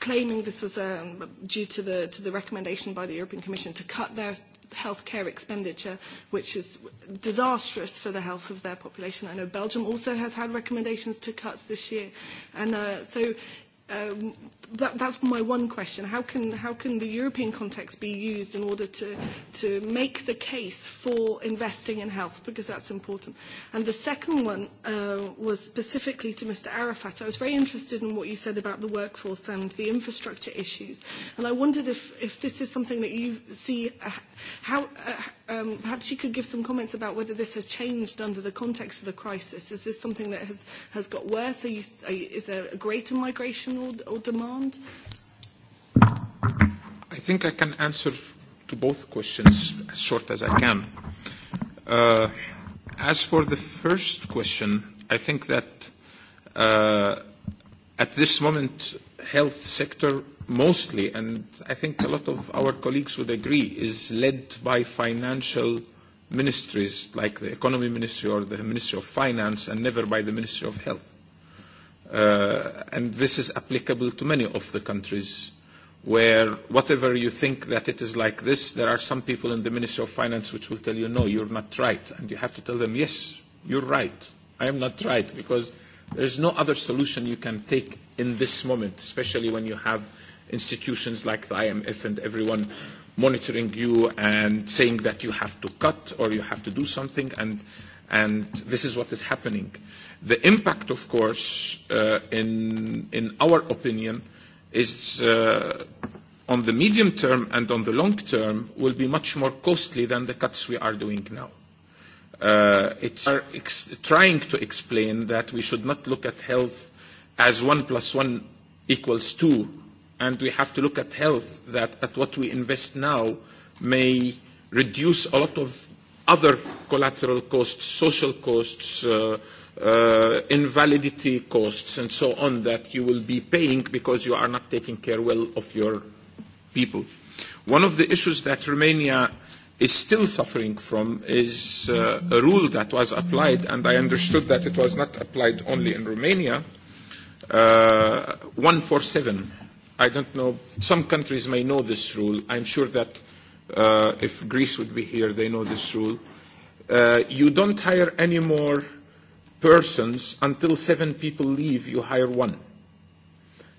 claiming this was um, due to the, to the recommendation by the European Commission to cut their healthcare expenditure, which is disastrous for the health of their population. I know Belgium also has had recommendations to cuts this year. And uh, so Um, that, that's my one question. How can, how can the European context be used in order to, to make the case for investing in health? Because that's important. And the second one uh, was specifically to Mr. Arafat. I was very interested in what you said about the workforce and the infrastructure issues. And I wondered if, if this is something that you see, uh, how, uh, Um, perhaps you could give some comments about whether this has changed under the context of the crisis. Is this something that has, has got worse? Are you, are you, is there a greater migration or, or demand? I think I can answer to both questions as short as I can. Uh, as for the first question, I think that uh, at this moment, health sector mostly, and I think a lot of our colleagues would agree, is led by financial ministries like the economy ministry or the ministry of finance and never by the ministry of health. Uh, and this is applicable to many of the countries where whatever you think that it is like this, there are some people in the Ministry of Finance which will tell you, no, you're not right. And you have to tell them, yes, you're right. I am not right because there's no other solution you can take in this moment, especially when you have institutions like the IMF and everyone monitoring you and saying that you have to cut or you have to do something, and, and this is what is happening. The impact, of course, uh, in, in our opinion, is uh, on the medium term and on the long term will be much more costly than the cuts we are doing now. Uh, it's are ex- trying to explain that we should not look at health as 1 plus 1 equals 2 and we have to look at health, that at what we invest now may reduce a lot of other collateral costs, social costs, uh, uh, invalidity costs, and so on that you will be paying because you are not taking care well of your people. One of the issues that Romania is still suffering from is uh, a rule that was applied, and I understood that it was not applied only in Romania, uh, 147 I don't know. Some countries may know this rule. I'm sure that uh, if Greece would be here, they know this rule. Uh, you don't hire any more persons until seven people leave. You hire one.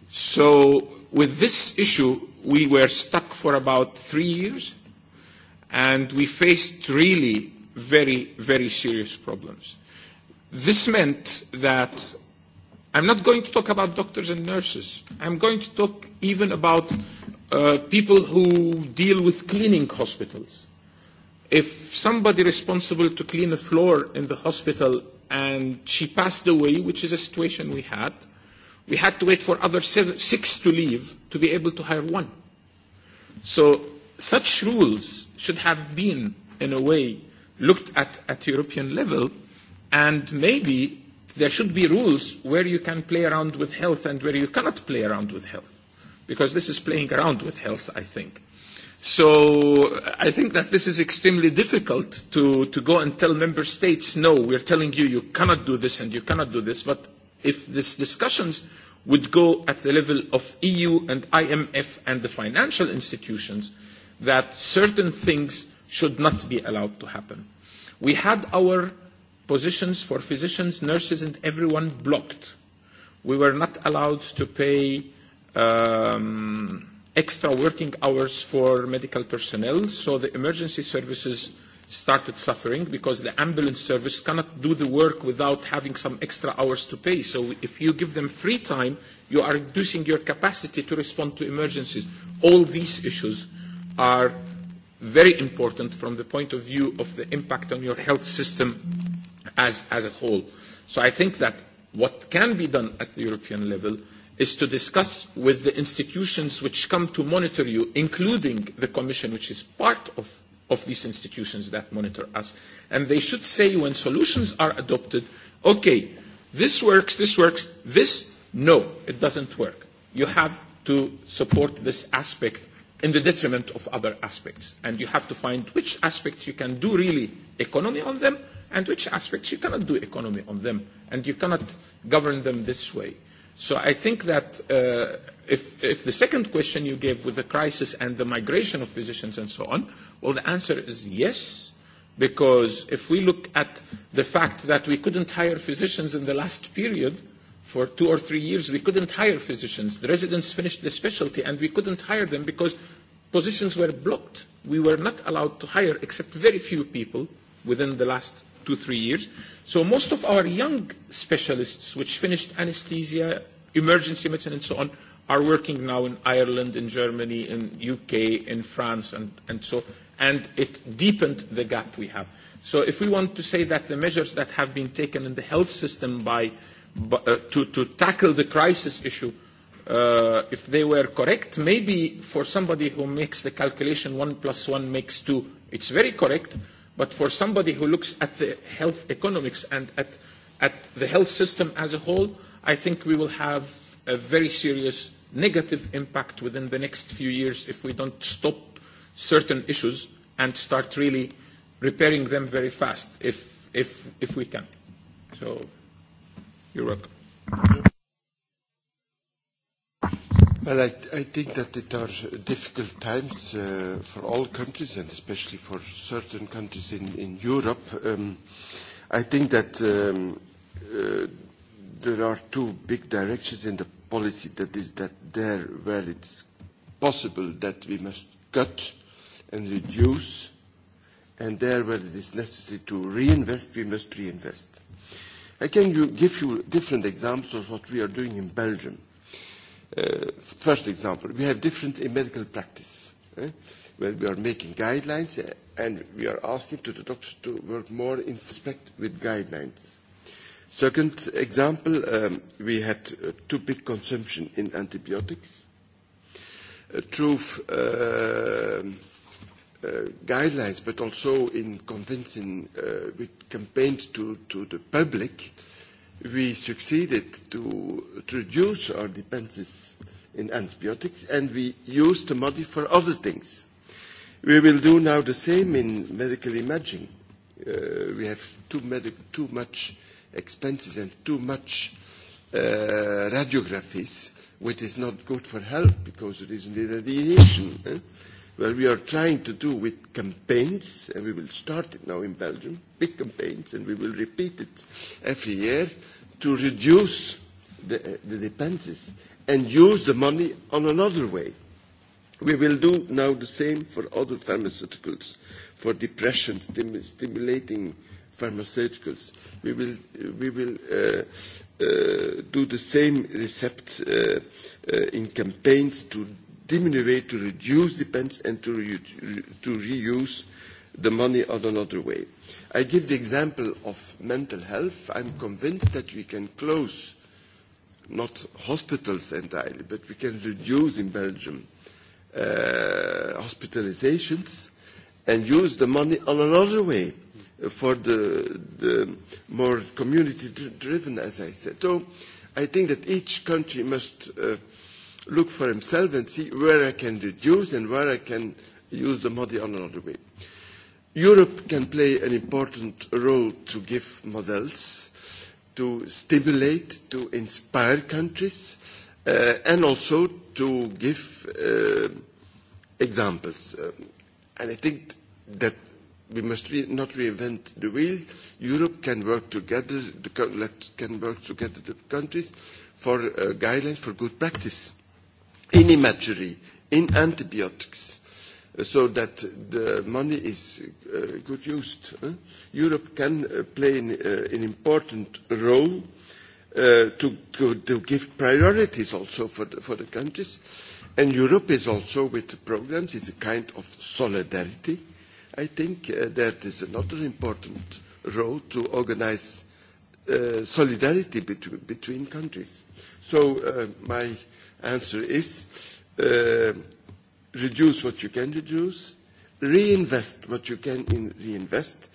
So with this issue, we were stuck for about three years, and we faced really very, very serious problems. This meant that I'm not going to talk about doctors and nurses. I'm going to talk even about uh, people who deal with cleaning hospitals. If somebody responsible to clean a floor in the hospital and she passed away, which is a situation we had, we had to wait for other seven, six to leave to be able to hire one. So such rules should have been, in a way, looked at at European level, and maybe there should be rules where you can play around with health and where you cannot play around with health, because this is playing around with health, I think. So I think that this is extremely difficult to, to go and tell member states, no, we're telling you you cannot do this and you cannot do this. But if these discussions would go at the level of EU and IMF and the financial institutions, that certain things should not be allowed to happen. We had our positions for physicians, nurses, and everyone blocked. We were not allowed to pay um, extra working hours for medical personnel, so the emergency services started suffering because the ambulance service cannot do the work without having some extra hours to pay. So if you give them free time, you are reducing your capacity to respond to emergencies. All these issues are very important from the point of view of the impact on your health system as, as a whole. So I think that what can be done at the European level is to discuss with the institutions which come to monitor you, including the Commission, which is part of, of these institutions that monitor us. And they should say when solutions are adopted, okay, this works, this works, this, no, it doesn't work. You have to support this aspect in the detriment of other aspects. And you have to find which aspects you can do really economy on them and which aspects you cannot do economy on them, and you cannot govern them this way. So I think that uh, if, if the second question you gave with the crisis and the migration of physicians and so on, well, the answer is yes, because if we look at the fact that we couldn't hire physicians in the last period, for two or three years, we couldn't hire physicians. The residents finished the specialty, and we couldn't hire them because positions were blocked. We were not allowed to hire except very few people within the last two, three years. So most of our young specialists, which finished anesthesia, emergency medicine, and so on, are working now in Ireland, in Germany, in UK, in France, and, and so, and it deepened the gap we have. So if we want to say that the measures that have been taken in the health system by, by uh, to, to tackle the crisis issue Uh, if they were correct, maybe for somebody who makes the calculation one plus one makes two, it's very correct, But for somebody who looks at the health economics and at, at the health system as a whole, I think we will have a very serious negative impact within the next few years if we don't stop certain issues and start really repairing them very fast if, if, if we can. So you're welcome. Well, I, I think that it are difficult times uh, for all countries and especially for certain countries in, in Europe. Um, I think that um, uh, there are two big directions in the policy. That is that there where it's possible that we must cut and reduce, and there where it is necessary to reinvest, we must reinvest. I can you, give you different examples of what we are doing in Belgium Uh, first example, we have different in medical practice, eh, where we are making guidelines uh, and we are asking to the doctors to work more in respect with guidelines. Second example, um, we had uh, too big consumption in antibiotics. Uh, through uh, um, uh, guidelines, but also in convincing uh, with campaigns to, to the public, uh, we succeeded to, to reduce our dependencies in antibiotics and we used the money for other things. We will do now the same in medical imaging. Uh, we have too, medic too much expenses and too much uh, radiographies, which is not good for health because there is an irradiation. Eh? where we are trying to do with campaigns, and we will start it now in Belgium, big campaigns, and we will repeat it every year, to reduce the, uh, the dependencies and use the money on another way. We will do now the same for other pharmaceuticals, for depression stim stimulating pharmaceuticals. We will, uh, we will uh, uh, do the same recept uh, uh in campaigns to diminuate, to reduce depends and to, re to reuse the money on another way. I give the example of mental health. I'm convinced that we can close not hospitals entirely, but we can reduce in Belgium uh, hospitalizations and use the money on another way for the, the more community-driven, as I said. So I think that each country must uh, look for himself and see where I can reduce and where I can use the money on another way. Europe can play an important role to give models, to stimulate, to inspire countries, uh, and also to give uh, examples. Um, and I think that we must re not reinvent the wheel. Europe can work together, the, can work together the countries for uh, guidelines for good practice in imagery, in antibiotics, so that the money is uh, good used. Huh? Europe can uh, play an, uh, an important role uh, to, to, to give priorities also for the, for the countries. And Europe is also, with the programs, is a kind of solidarity. I think uh, that is another important role to organize uh, solidarity between, between countries. So uh, my answer is uh, reduce what you can reduce, reinvest what you can in reinvest,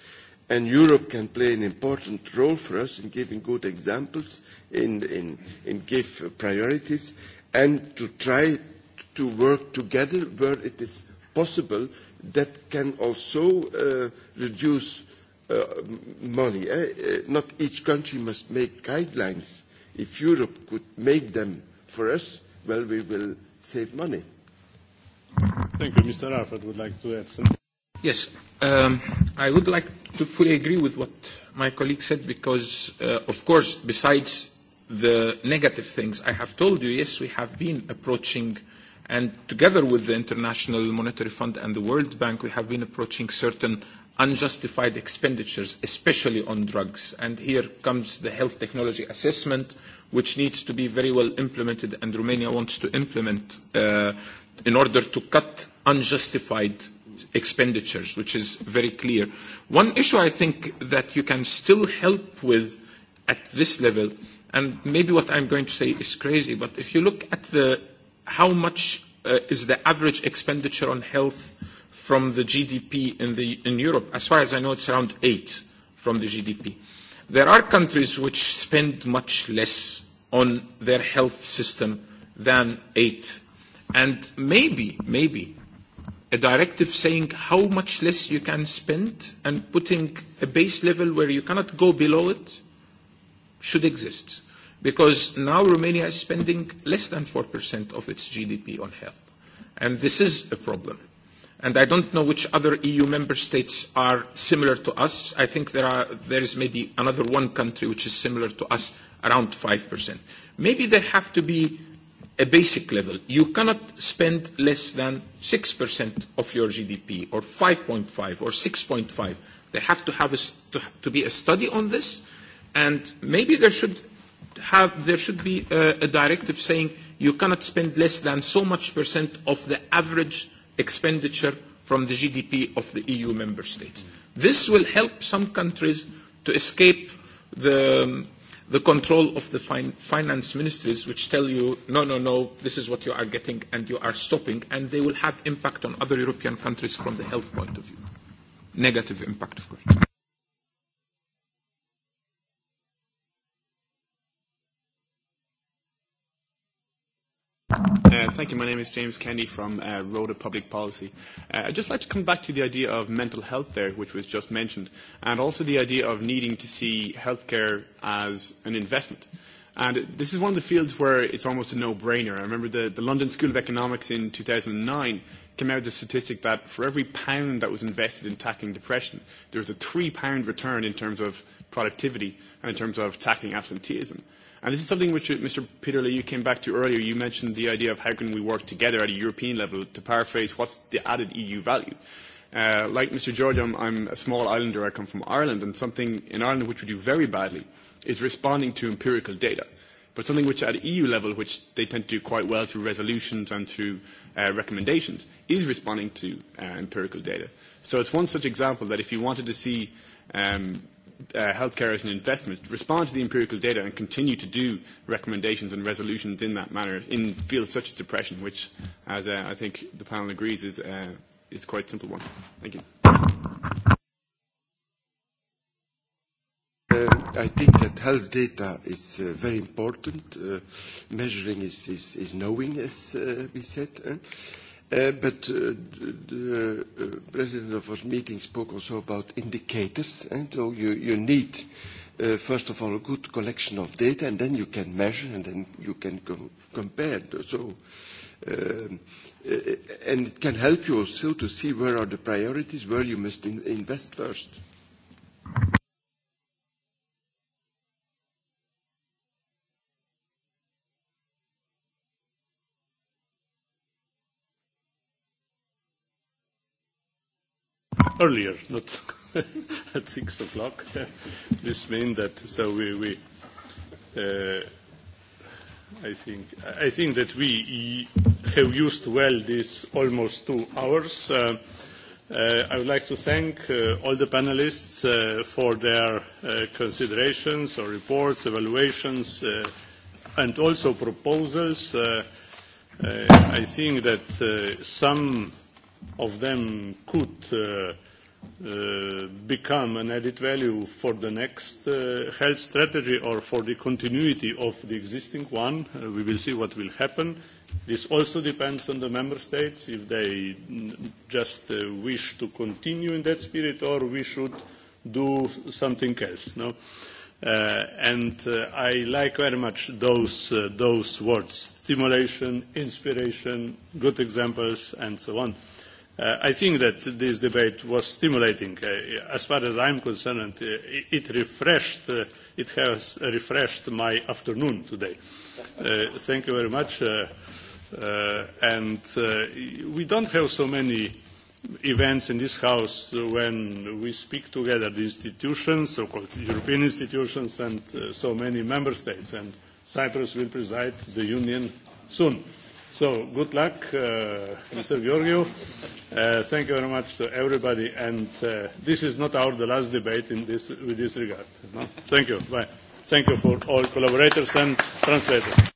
and Europe can play an important role for us in giving good examples, in, in, in give priorities, and to try to work together where it is possible that can also uh, reduce uh, money. Eh? Uh, not each country must make guidelines. If Europe could make them for us, well, we will save money. Thank you. Mr. Arafat would like to add something. Yes. Um, I would like to fully agree with what my colleague said because, uh, of course, besides the negative things I have told you, yes, we have been approaching and together with the International Monetary Fund and the World Bank, we have been approaching certain unjustified expenditures, especially on drugs. And here comes the health technology assessment, which needs to be very well implemented, and Romania wants to implement uh, in order to cut unjustified expenditures, which is very clear. One issue I think that you can still help with at this level, and maybe what I'm going to say is crazy, but if you look at the, how much uh, is the average expenditure on health from the GDP in, the, in Europe. As far as I know, it's around 8 from the GDP. There are countries which spend much less on their health system than 8. And maybe, maybe, a directive saying how much less you can spend and putting a base level where you cannot go below it should exist. Because now Romania is spending less than 4% of its GDP on health. And this is a problem. And I don't know which other EU member states are similar to us. I think there, are, there is maybe another one country which is similar to us, around 5%. Maybe there have to be a basic level. You cannot spend less than 6% of your GDP, or 5.5, or 6.5. They have to have a, to, to be a study on this, and maybe there should have there should be a, a directive saying you cannot spend less than so much percent of the average expenditure from the GDP of the EU member states. This will help some countries to escape the, the control of the fin finance ministries, which tell you, no, no, no, this is what you are getting and you are stopping, and they will have impact on other European countries from the health point of view. Negative impact, of course. Uh, thank you. My name is James Kennedy from uh, Rhoda Public Policy. Uh, I'd just like to come back to the idea of mental health there, which was just mentioned, and also the idea of needing to see healthcare as an investment. And this is one of the fields where it's almost a no-brainer. I remember the, the London School of Economics in 2009 came out with a statistic that for every pound that was invested in tackling depression, there was a three-pound return in terms of productivity and in terms of tackling absenteeism. And this is something which, uh, Mr. Peterle, you came back to earlier. You mentioned the idea of how can we work together at a European level to paraphrase what's the added EU value. Uh, like Mr. George, I'm, I'm a small islander. I come from Ireland, and something in Ireland which we do very badly is responding to empirical data. But something which at EU level, which they tend to do quite well through resolutions and through uh, recommendations, is responding to uh, empirical data. So it's one such example that if you wanted to see um, uh, healthcare as an investment, respond to the empirical data and continue to do recommendations and resolutions in that manner in fields such as depression, which, as uh, I think the panel agrees, is, uh, is quite a simple one. Thank you. Uh, I think that health data is uh, very important. Uh, measuring is, is, is knowing, as uh, we said. Uh, Uh, but the uh, uh, president of our meeting spoke also about indicators, and eh? so you, you need Uh, first of all, a good collection of data, and then you can measure, and then you can com compare. So, um, uh, and it can help you also to see where are the priorities, where you must in invest first. earlier, not at six o'clock. this means that so we, we uh, I think I think that we have used well these almost two hours. Uh, uh, I would like to thank uh, all the panelists uh, for their uh, considerations or reports, evaluations, uh, and also proposals. Uh, uh, I think that uh, some of them could uh, Uh, become an added value for the next uh, health strategy or for the continuity of the existing one. Uh, we will see what will happen. This also depends on the member states, if they just uh, wish to continue in that spirit or we should do something else. No? Uh, and uh, I like very much those, uh, those words, stimulation, inspiration, good examples, and so on. Uh, I think that this debate was stimulating. Uh, as far as I'm concerned, uh, it refreshed, uh, it has refreshed my afternoon today. Uh, thank you very much. Uh, uh, and uh, we don't have so many events in this House when we speak together, the institutions, so-called European institutions, and uh, so many member states. And Cyprus will preside the Union soon. So good luck, uh, Mr. Giorgio. Uh, thank you very much to everybody. And uh, this is not our the last debate in this, with this regard. No? Thank you. Bye. Thank you for all collaborators and translators.